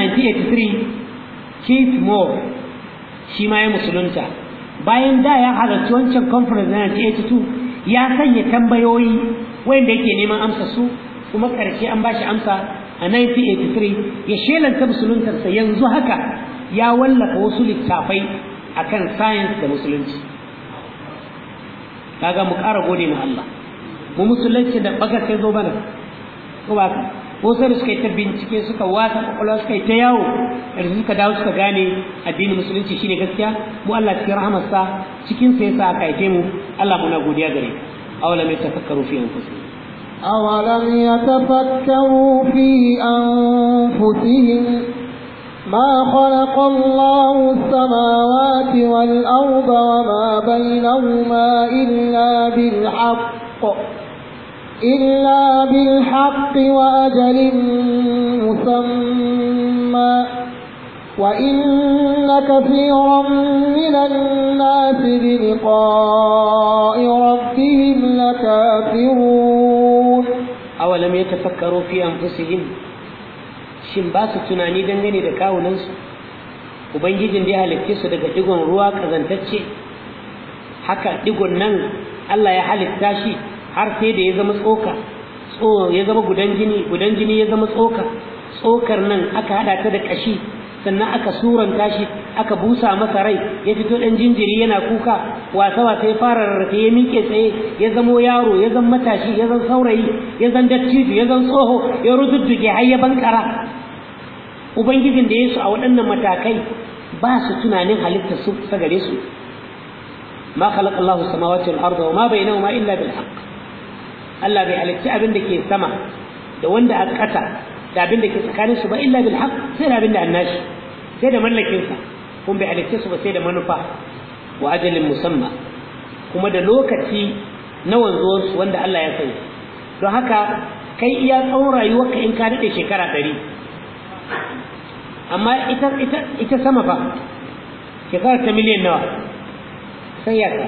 1983 Keith Moore shi ma ya musulunta bayan da ya halarci wancan conference na 2, ya sanya tambayoyi wanda yake neman amsa su kuma karshe an bashi amsa a 1983 ya shelanta musuluntarsa yanzu haka ya wallafa wasu littafai akan science da musulunci kaga mu ƙara gode ma Allah mu musulunci da baga sai zo bana ko ba wasu da suka yi ta bincike suka wasa kwakwalwa suka yi ta yawo yanzu suka dawo suka gane addinin musulunci shine gaskiya mu Allah cikin rahamarsa cikin sa yasa aka haife mu Allah muna godiya gare awalam yatafakkaru fi anfusihim awalam yatafakkaru fi anfusihim ما خلق الله السماوات والأرض وما بينهما إلا بالحق إلا بالحق وأجل مسمى وإن كثيرا من الناس بلقاء ربهم لكافرون أولم يتفكروا في أنفسهم شمباس تناني دنجني دكاو ننسو وبنجيجن دي هالكيس دكا تقون رواك أذن تتشي حكا تقون نن الله يحالي التاشي har sai da ya zama tsoka ya zama gudan jini gudan jini ya zama tsoka tsokar nan aka hada ta da kashi sannan aka suranta shi aka busa masa rai ya fito dan jinjiri yana kuka wasa wasa ya fara rarrafe ya miƙe tsaye ya zamo yaro ya zama matashi ya zan saurayi ya zan dattijo ya zan tsoho ya rududduke har ya bankara ubangijin da ya su a waɗannan matakai ba su tunanin halitta su ta gare su ما خلق الله السماوات والارض وما بينهما الا بالحق Allah bai halicci abin da ke sama da wanda a ƙasa da abin da ke tsakanin su ba illa bil haqq sai da abin da annashi sai da mallakin sa kun bai halicce su ba sai da manufa wa ajalin musamma kuma da lokaci na wanzuwar su wanda Allah ya sani don haka kai iya tsawon rayuwarka in ka daɗe shekara ɗari amma ita ita ita sama fa shekara ta miliyan nawa sai ya ka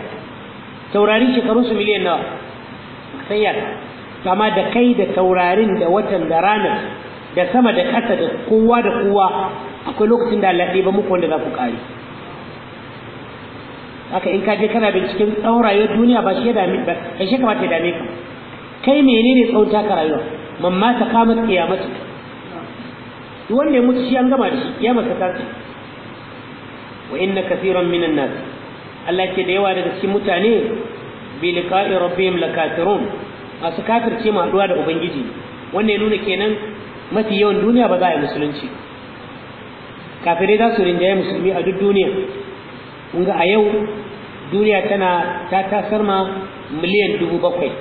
taurari shekarun su miliyan nawa sai ya kama da kai da taurarin da watan da ranar da sama da ƙasa da kowa da kowa akwai lokacin da Allah ba muku wanda za ku kare haka in ka je kana binciken tsawon rayuwar duniya ba shi ya dame ba kai shi kamata ya dame ka kai menene tsawon taka rayuwa mamma ta kama kiyamata matuka. wanda ya mutu shi an gama da shi kiyamata ta ce wa inna kasiran minan nas Allah ce da yawa daga cikin mutane bi liqa'i rabbihim lakathirun asu kafirce ma duwa da ubangiji Wannan ya nuna kenan mafi yawan duniya ba za a yi musulunci kafirai za su rinjaye musulmi a duk duniya Kunga ga a yau duniya tana ta tasar ma miliyan dubu bakwai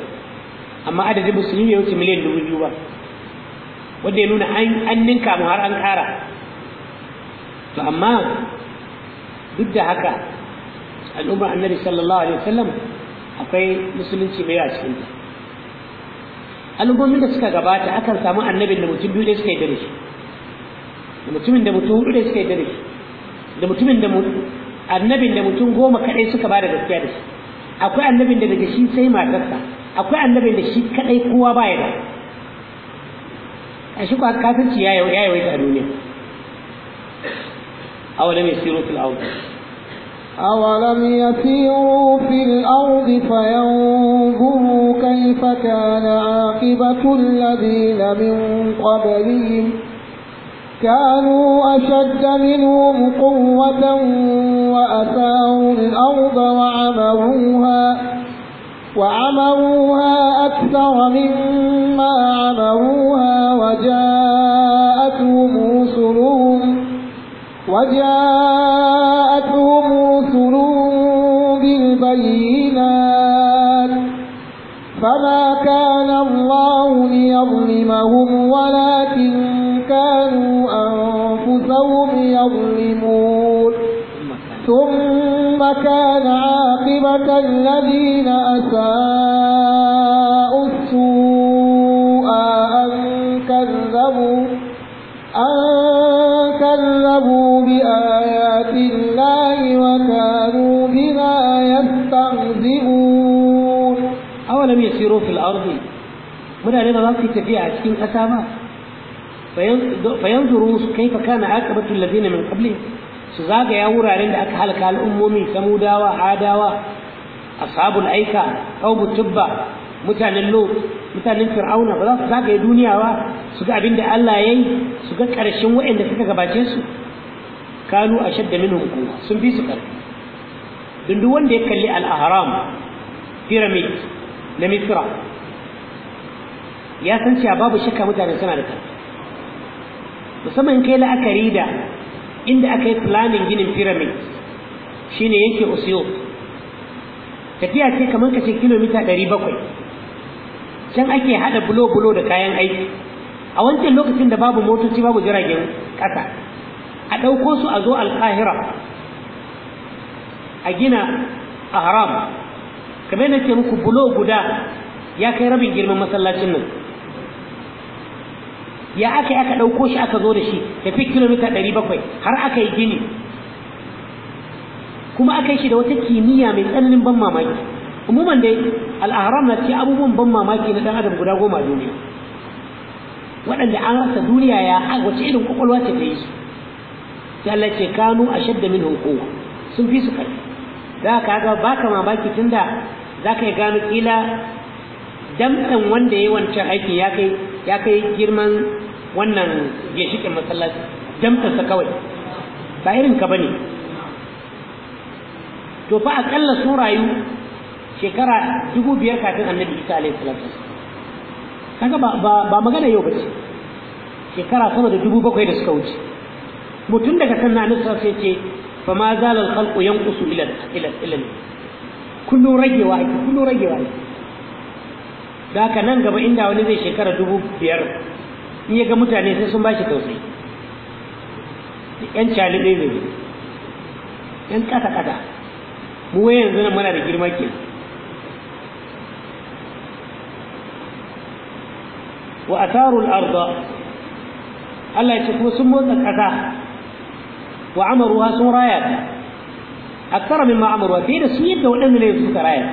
amma adadin musulmi ya wuce miliyan dubu biyu ba wanda ya nuna an ninka mu har an kara to amma duk da haka al'ummar annabi sallallahu alaihi wasallam akwai musulunci mai a cikin ta al'ummomin da suka gabata akan samu annabin da mutum biyu suka yi dare shi da mutumin da mutum hudu suka yi dare shi da mutumin da annabin da mutum goma kadai suka bada gaskiya da shi akwai annabin da daga shi sai matarsa akwai annabin da shi kadai kowa baya da a shi ko kafirci ya yawaita a duniya wani mai fil ardh أولم يسيروا في الأرض فينظروا كيف كان عاقبة الذين من قبلهم كانوا أشد منهم قوة وأثاروا الأرض وعمروها وعمروها أكثر مما عمروها وجاءتهم رسلهم وجاءتهم الله ليظلمهم ولكن كانوا أنفسهم يظلمون ثم كان عاقبة الذين أساءوا السوء أن كذبوا أن كذبوا بآيات الله وكانوا بما يستهزئون أولم يسيروا في الأرض mutane ba za su yi tafiya a cikin ƙasa ba fayanzuru su kai fa kana aqibatu alladhina min qabli su zagaya wuraren da aka halaka al'ummomi samudawa adawa ashabul aika qawmu tubba mutanen mutanen fir'auna ba za su zagaye duniya ba su ga abin da Allah yayi su ga ƙarshen waɗanda suka gabace su kanu ashadda min hukuma sun fi su ƙarfi duk wanda ya kalli alahram pyramid na misra ya san cewa babu shakka mutane suna da karfi musamman kai la'akari da inda aka yi planin ginin pyramid shine yake usiyo tafiya ce kamar kace kilomita 700 can ake hada bulo bulo da kayan aiki a wancan lokacin da babu motoci babu jiragen kasa a ɗauko su a zo alkahira a gina a ahram kamar nake muku bulo guda ya kai rabin girman masallacin nan ya aka aka ɗauko shi aka zo da shi tafi kilomita ɗari bakwai har aka yi gini kuma aka yi shi da wata kimiyya mai tsananin ban mamaki umuman dai al'ahram na ce abubuwan ban mamaki na ɗan adam guda goma duniya waɗanda an rasa duniya ya wace irin kwakwalwa ce ta yi su sai Allah ce kanu shadda min hukuwa sun fi su kai, za ka ga baka mamaki tunda za ka yi gano kila damɗan wanda ya yi wancan aikin ya kai girman wannan ginshikin masallaci damtarsa kawai ba irin ka bane to fa aƙalla sun rayu shekara dubu biyar kafin annabi isa alaihi salatu kaga ba magana yau ba ce shekara sama da dubu bakwai da suka wuce mutum daga kan sa sai ce fa ma zala al khalqu yanqusu ila ila ila kullu ragewa kullu ragewa da haka nan gaba inda wani zai shekara dubu biyar in ga mutane sai sun shi tausayi yan calibai ne yan kata kata mu wai yanzu nan muna da girma ke wa atharu al-arda Allah ya ce kuma sun motsa kasa wa amaruha sun raya ta akthara mimma amaruha fiye da su yadda waɗanda ne suka raya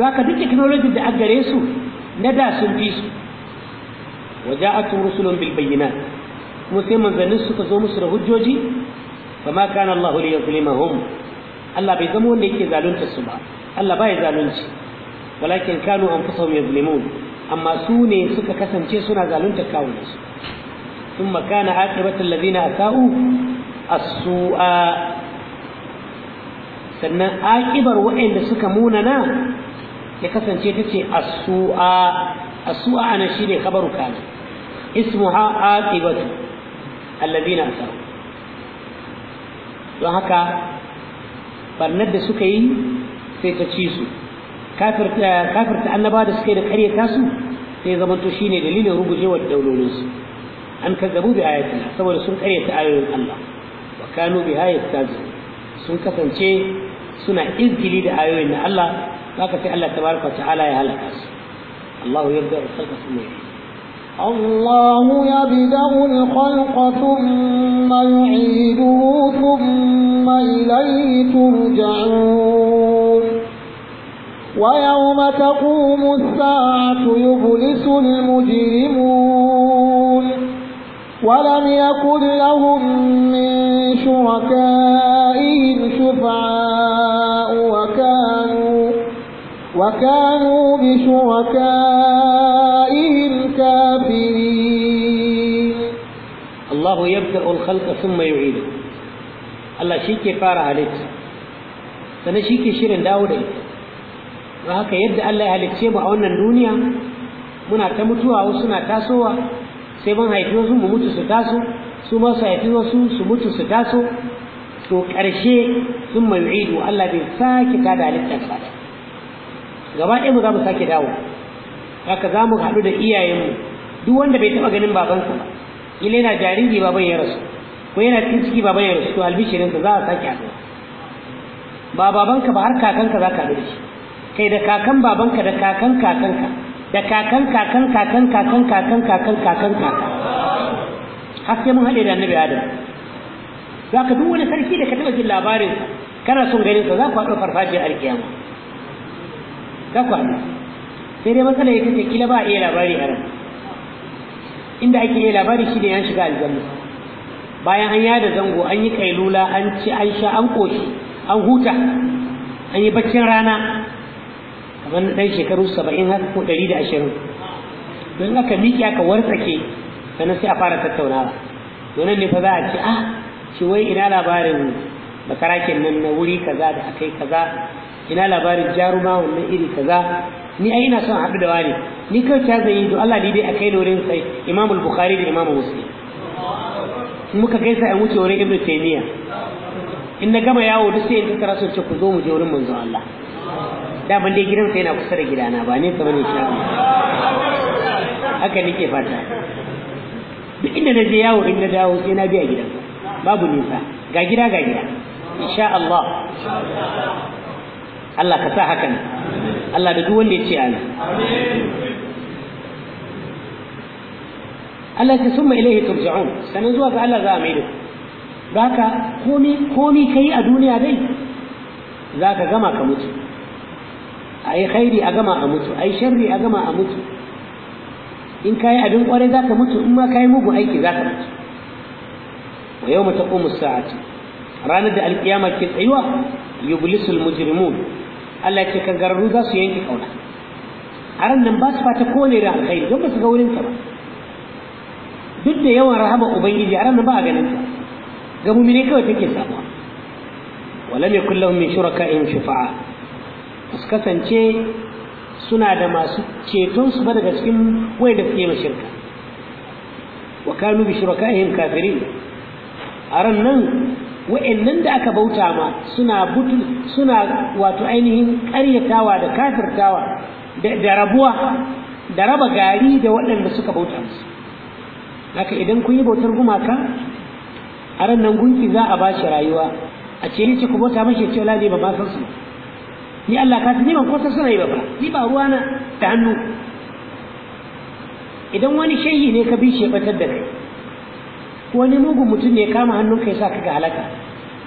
zaka duk technology da aka gare su na da sun fi su Waje وجاءت رسل بالبينات مسلم من suka zo musu da hujjoji fama kana Allah li yuzlimahum Allah bai zama wanda yake zalunta su ba Allah bai zalunci walakin kanu anfusuhum yuzlimun amma su ne suka kasance suna zalunta kawunsu thumma kana aqibatu alladhina asau as-su'a sannan aƙibar waɗanda suka munana ya kasance tace as-su'a as-su'a ana shi ne khabaru kana ismuha aqibatu alladina asaw don haka barnar da suka yi sai ta ci su eh, kafirta annaba da suka yi da karya tasu sai zamanto shine dalilin rugujewar daulolinsu an kazzabu bi ayatina saboda sun karya ayoyin Allah wa kanu bi ayatina sun kasance suna izgili da ayoyin na Allah zaka sai Allah tabaraka ta'ala ya halaka Allahu الله يبدأ الخلق ثم يعيده ثم إليه ترجعون ويوم تقوم الساعة يبلس المجرمون ولم يكن لهم من شركائهم شفعاء وكانوا, وكانوا بشركائهم الكافرين الله يبدأ الخلق ثم يعيده Allah shi ke fara halitta sannan shi ke shirin dawo da ita don haka yadda Allah ya halicce mu a wannan duniya muna ta mutuwa wasu na tasowa sai mun haifi wasu mutu su taso wasu su mutu su taso to ƙarshe sun mai'idu Allah bai sake tada halittar sa gaba ɗaya mu za mu sake dawo haka za mu haɗu da iyayenmu duk wanda bai taba ganin babansa ba ile yana jariri baban ya rasu ko yana cikin ciki baban ya rasu to albishirin sa za a sake haɗu ba babanka ba har kakanka za ka haɗu da shi kai da kakan babanka da kakan kakanka da kakan kakan kakan kakan kakan kakan kakan kakan har sai mun haɗe da annabi adam za ka duk wani sarki da ka taɓa jin labarin kana son ganin sa za ku haɗu farfajiyar alkiyama za ku haɗu sai dai matsala ya kace kila ba a iya labari a ran inda ake yi labari shi ne ya shiga aljanna bayan an yada zango an yi kailula an ci an sha an koshi an huta an yi baccin rana kamar na ɗan shekaru saba'in haka ko ɗari da ashirin don aka miƙe aka wartsake sannan sai a fara tattaunawa donan ne fa za a ci ah shi wai ina labarin bakarakin nan na wuri kaza da akai kaza ina labarin jaruma wannan iri kaza ni ai ina son haɗu da wani ni kai ta zai to Allah ne dai a kai wurin sai Imam Bukhari da Imam Muslim muka gaisa in wuce wurin Ibn Taymiyyah in na gama yawo duk sai in tattara su ce ku zo mu je wurin manzo Allah da ban dai gidan sai yana kusa da gidana ba ne kamar insha Allah haka nake fata duk inda na je yawo inda dawo sai na biya gidan babu nisa ga gida ga gida insha Allah Allah ka sa hakan. Allah da duk wanda ya ce amin Allah ya summa ilaihi turja'un sanan zuwa ga Allah za a maida. maido baka komi komi kai a duniya dai Za ka gama ka mutu A yi khairi a gama a mutu A yi sharri a gama a mutu in ka yi abin kwarai za ka mutu in ma ka yi mugu aiki ka mutu wa yawma taqumu as-sa'atu ranar da alƙiyama ke tsayuwa yublisul mujrimun Allah ya ce za su yanke kauna aran nan ba su fata ne da alkhairi don ba su ga wurinsa ba duk da yawan rahama ubangiji aran nan ba a ganin ta ga mumine kawai take samuwa walam yakul lahum min shuraka'in shufa'a su kasance suna da masu ceton su ba daga cikin wai da suke mashirka wa kanu bi shuraka'ihim kafirin aran nan wa'annan da aka bauta ma suna butul suna wato ainihin ƙaryatawa da kafirtawa da rabuwa da raba gari da waɗanda suka bauta musu haka idan kun yi bautar gumaka a ran nan gunki za a ba shi rayuwa a ce ni ce ku bauta mashi ce lalle ne ba san su ni Allah ka ni ban kosa suna yi ba ni ba ruwa na da hannu idan wani shayi ne ka bi shi ya batar da kai wani mugu mutum ne kama hannunka ya sa ka halaka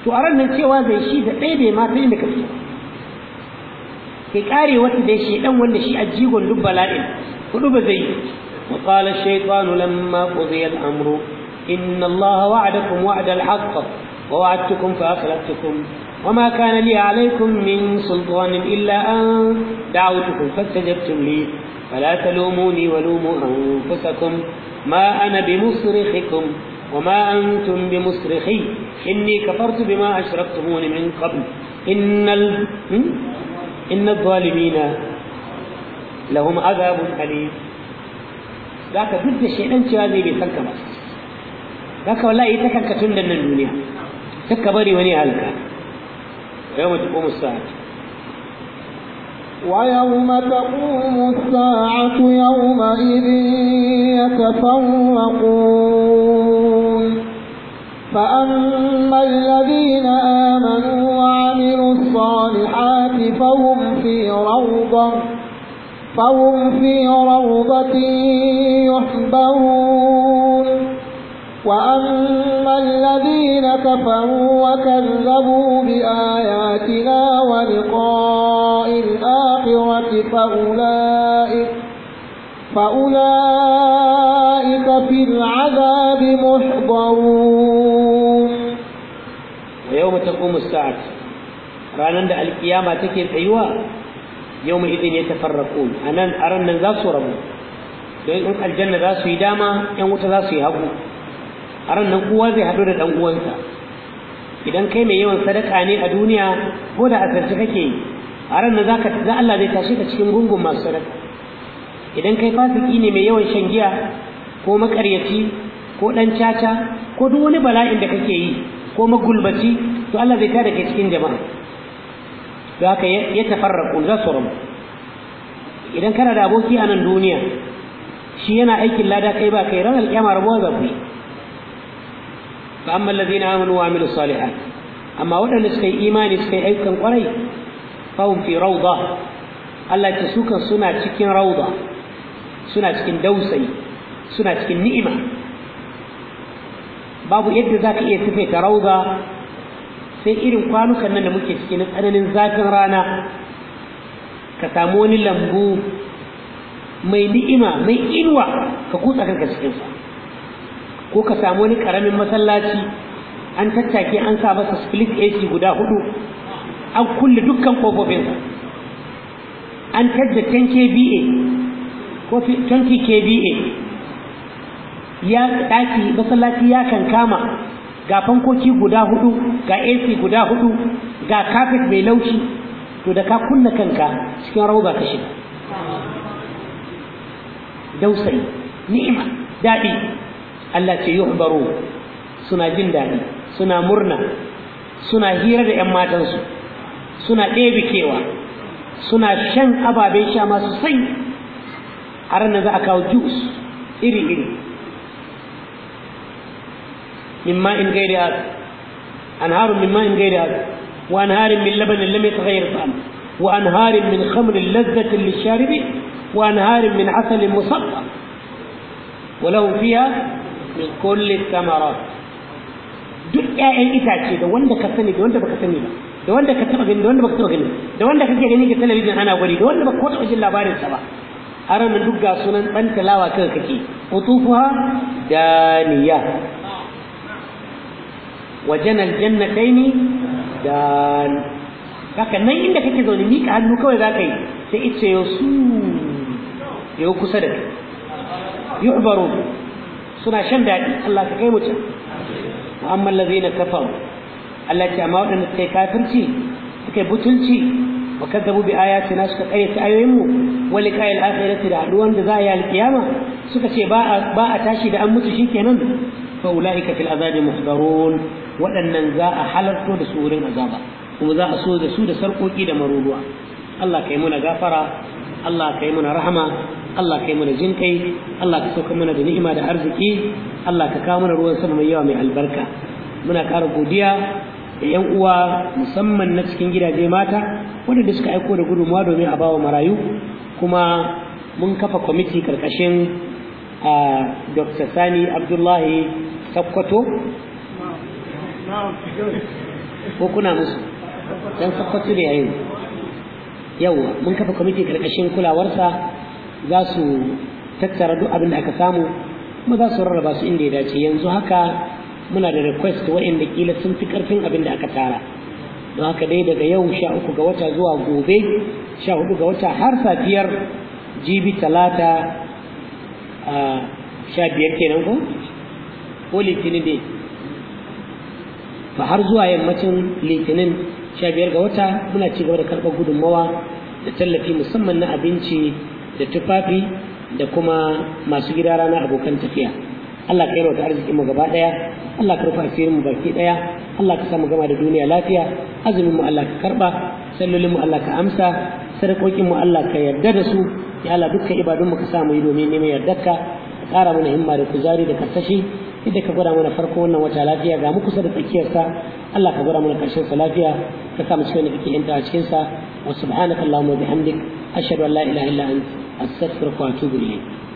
to aran nan cewa zai shi da ɗaya bai ma ta inda kafi fito kare wata da shi dan wanda shi ajigon jigon duk bala'in kudu ba zai وقال الشيطان لما قضي الأمر إن الله وعدكم وعد الحق ووعدتكم فأخلفتكم وما كان لي عليكم من سلطان إلا أن دعوتكم فاستجبتم لي فلا تلوموني ولوموا أنفسكم ما أنا بمصرخكم وما أنتم بمصرخي إني كفرت بما أشركتمون من قبل إن, ال... إن الظالمين لهم عذاب أليم ذاك بد شيء أنت هذه بيتك بس ذاك والله إيتك أنك تندن الدنيا تكبري وني هلك يوم تقوم الساعه ويوم تقوم الساعة يومئذ يتفرقون فأما الذين آمنوا وعملوا الصالحات فهم في روضة فهم في روضة يحبون وأما الذين كفروا وكذبوا بآياتنا ولقاء فأولئك فأولئك في العذاب محضرون ويوم تقوم الساعة رانا القيامة تكي الحيوة يوم إذن يتفرقون أنا أرى أن ذاس ربو لأن أنك الجنة ذاس في داما يوم تذاس يهبو أرى أن قوة ذي حدودة أن قوة إذا كان يوم صدق عني الدنيا هو لا أثر a ran da zaka za Allah zai tashi ka cikin gungun masu sadaka idan kai fasiki ne mai yawan shan giya ko makaryaci ko dan caca ko duk wani bala'in da kake yi ko magulbaci to Allah zai tada kai cikin jama'a da haka ya tafarraku za su rabu idan kana da aboki a nan duniya shi yana aikin lada kai ba kai ranar kyama rabuwa za ku yi fa amma allazina amanu wa amilu salihat amma waɗanda suka yi imani suka yi ayyukan kwarai fahum fi rawda Allah ya su suna cikin rawda suna cikin dausayi suna cikin ni'ima babu yadda za ka iya tafe ta rawda sai irin kwanukan nan da muke cikin tsananin zafin rana ka samu wani lambu mai ni'ima mai inuwa ka kutsa kanka cikinsa ko ka samu wani karamin masallaci an tattake an sa masa split AC guda huɗu. an kulle dukkan kofofinsa an tajja 10 kba ko 20 kba ya daki masallaci ya kankama ga fankoki guda hudu ga ac guda hudu ga kafet mai laushi to da ka kunna kanka cikin rauba ka shiga dausayi ni'ima daɗi Allah ce yuhbaru suna jin daɗi suna murna suna hira da 'yan matansu suna ɗebe kewa suna shan ababen sha masu sai har nan za a kawo juice iri-iri mimma in gaida ya anharu mimma in gaida ya wa anharin min labanin lamai ta gayar sa'am wa anharin min khamrin lazzatin lisharibi wa anharin min asalin musamman ولهم فيها من كل الثمرات duk ƴaƴan itace da wanda ka sani da wanda baka sani ba da wanda ka taba gani da wanda baka taba gani da wanda kake gani ke talabijin ana gwari da wanda baka taba jin labarin sa ba haram duk ga sunan dan talawa kan kake qutufuha daniya wajen aljannataini dan haka nan inda kake zaune ni ka hannu kawai zaka yi sai ice yo su yo kusa da kai yuhbaru suna shan daɗi Allah ka kai mu can amma allazina kafaru Allah ce amma waɗanda suka yi kafirci suka yi butulci wa kadzabu bi ayatina suka kayyata ayoyin mu wa liqa'il akhirati da haduwan da za ya yi alkiyama suka ce ba a tashi da an mutu shikenan fa ulaika fil azabi muhdarun waɗannan za a halarto da su wurin azaba kuma za a so da su da sarƙoƙi da maruruwa Allah kai muna gafara Allah kai muna rahama Allah kai mana jin kai Allah ka sauka mana da ni'ima da arziki Allah ka kawo mana ruwan sama mai yawa mai albarka muna ƙara godiya da yan uwa musamman na cikin gidaje mata waɗanda suka aiko da gudunmuwa domin a bawa marayu kuma mun kafa kwamiti karkashin a dr sani abdullahi sakkwato ko kuna musu dan sakkwato ne yayin mun kafa kwamiti karkashin kulawarsa za su tattara duk abin da aka samu kuma za su rarraba su inda ya dace yanzu haka muna da request waɗanda kila sun fi ƙarfin abin da aka tara don haka dai daga yau sha uku ga wata zuwa gobe sha hudu ga wata har safiyar jibi talata a sha biyar kenan ko ko litinin dai fa har zuwa yammacin litinin sha biyar ga wata muna ci gaba da karɓar gudunmawa da tallafi musamman na abinci da tufafi da kuma masu gida rana abokan tafiya Allah ka yarwata arzikin mu gaba daya Allah ka rufa asirin mu baki daya Allah ka samu gama da duniya lafiya azumin mu Allah ka karba sallolin mu Allah ka amsa sadakokin mu Allah ka yarda da su ya Allah dukkan ibadun mu ka samu yi domin neman yardarka ka kara mana himma da kuzari da karsashi yadda ka gwada mana farko wannan wata lafiya ga mu kusa da tsakiyarsa Allah ka gwada mana karshen sa lafiya ka sa mu cikin da kake yanta a cikin sa wa subhanaka allahumma bihamdik ashhadu an la ilaha illa anta astaghfiruka wa atubu ilayk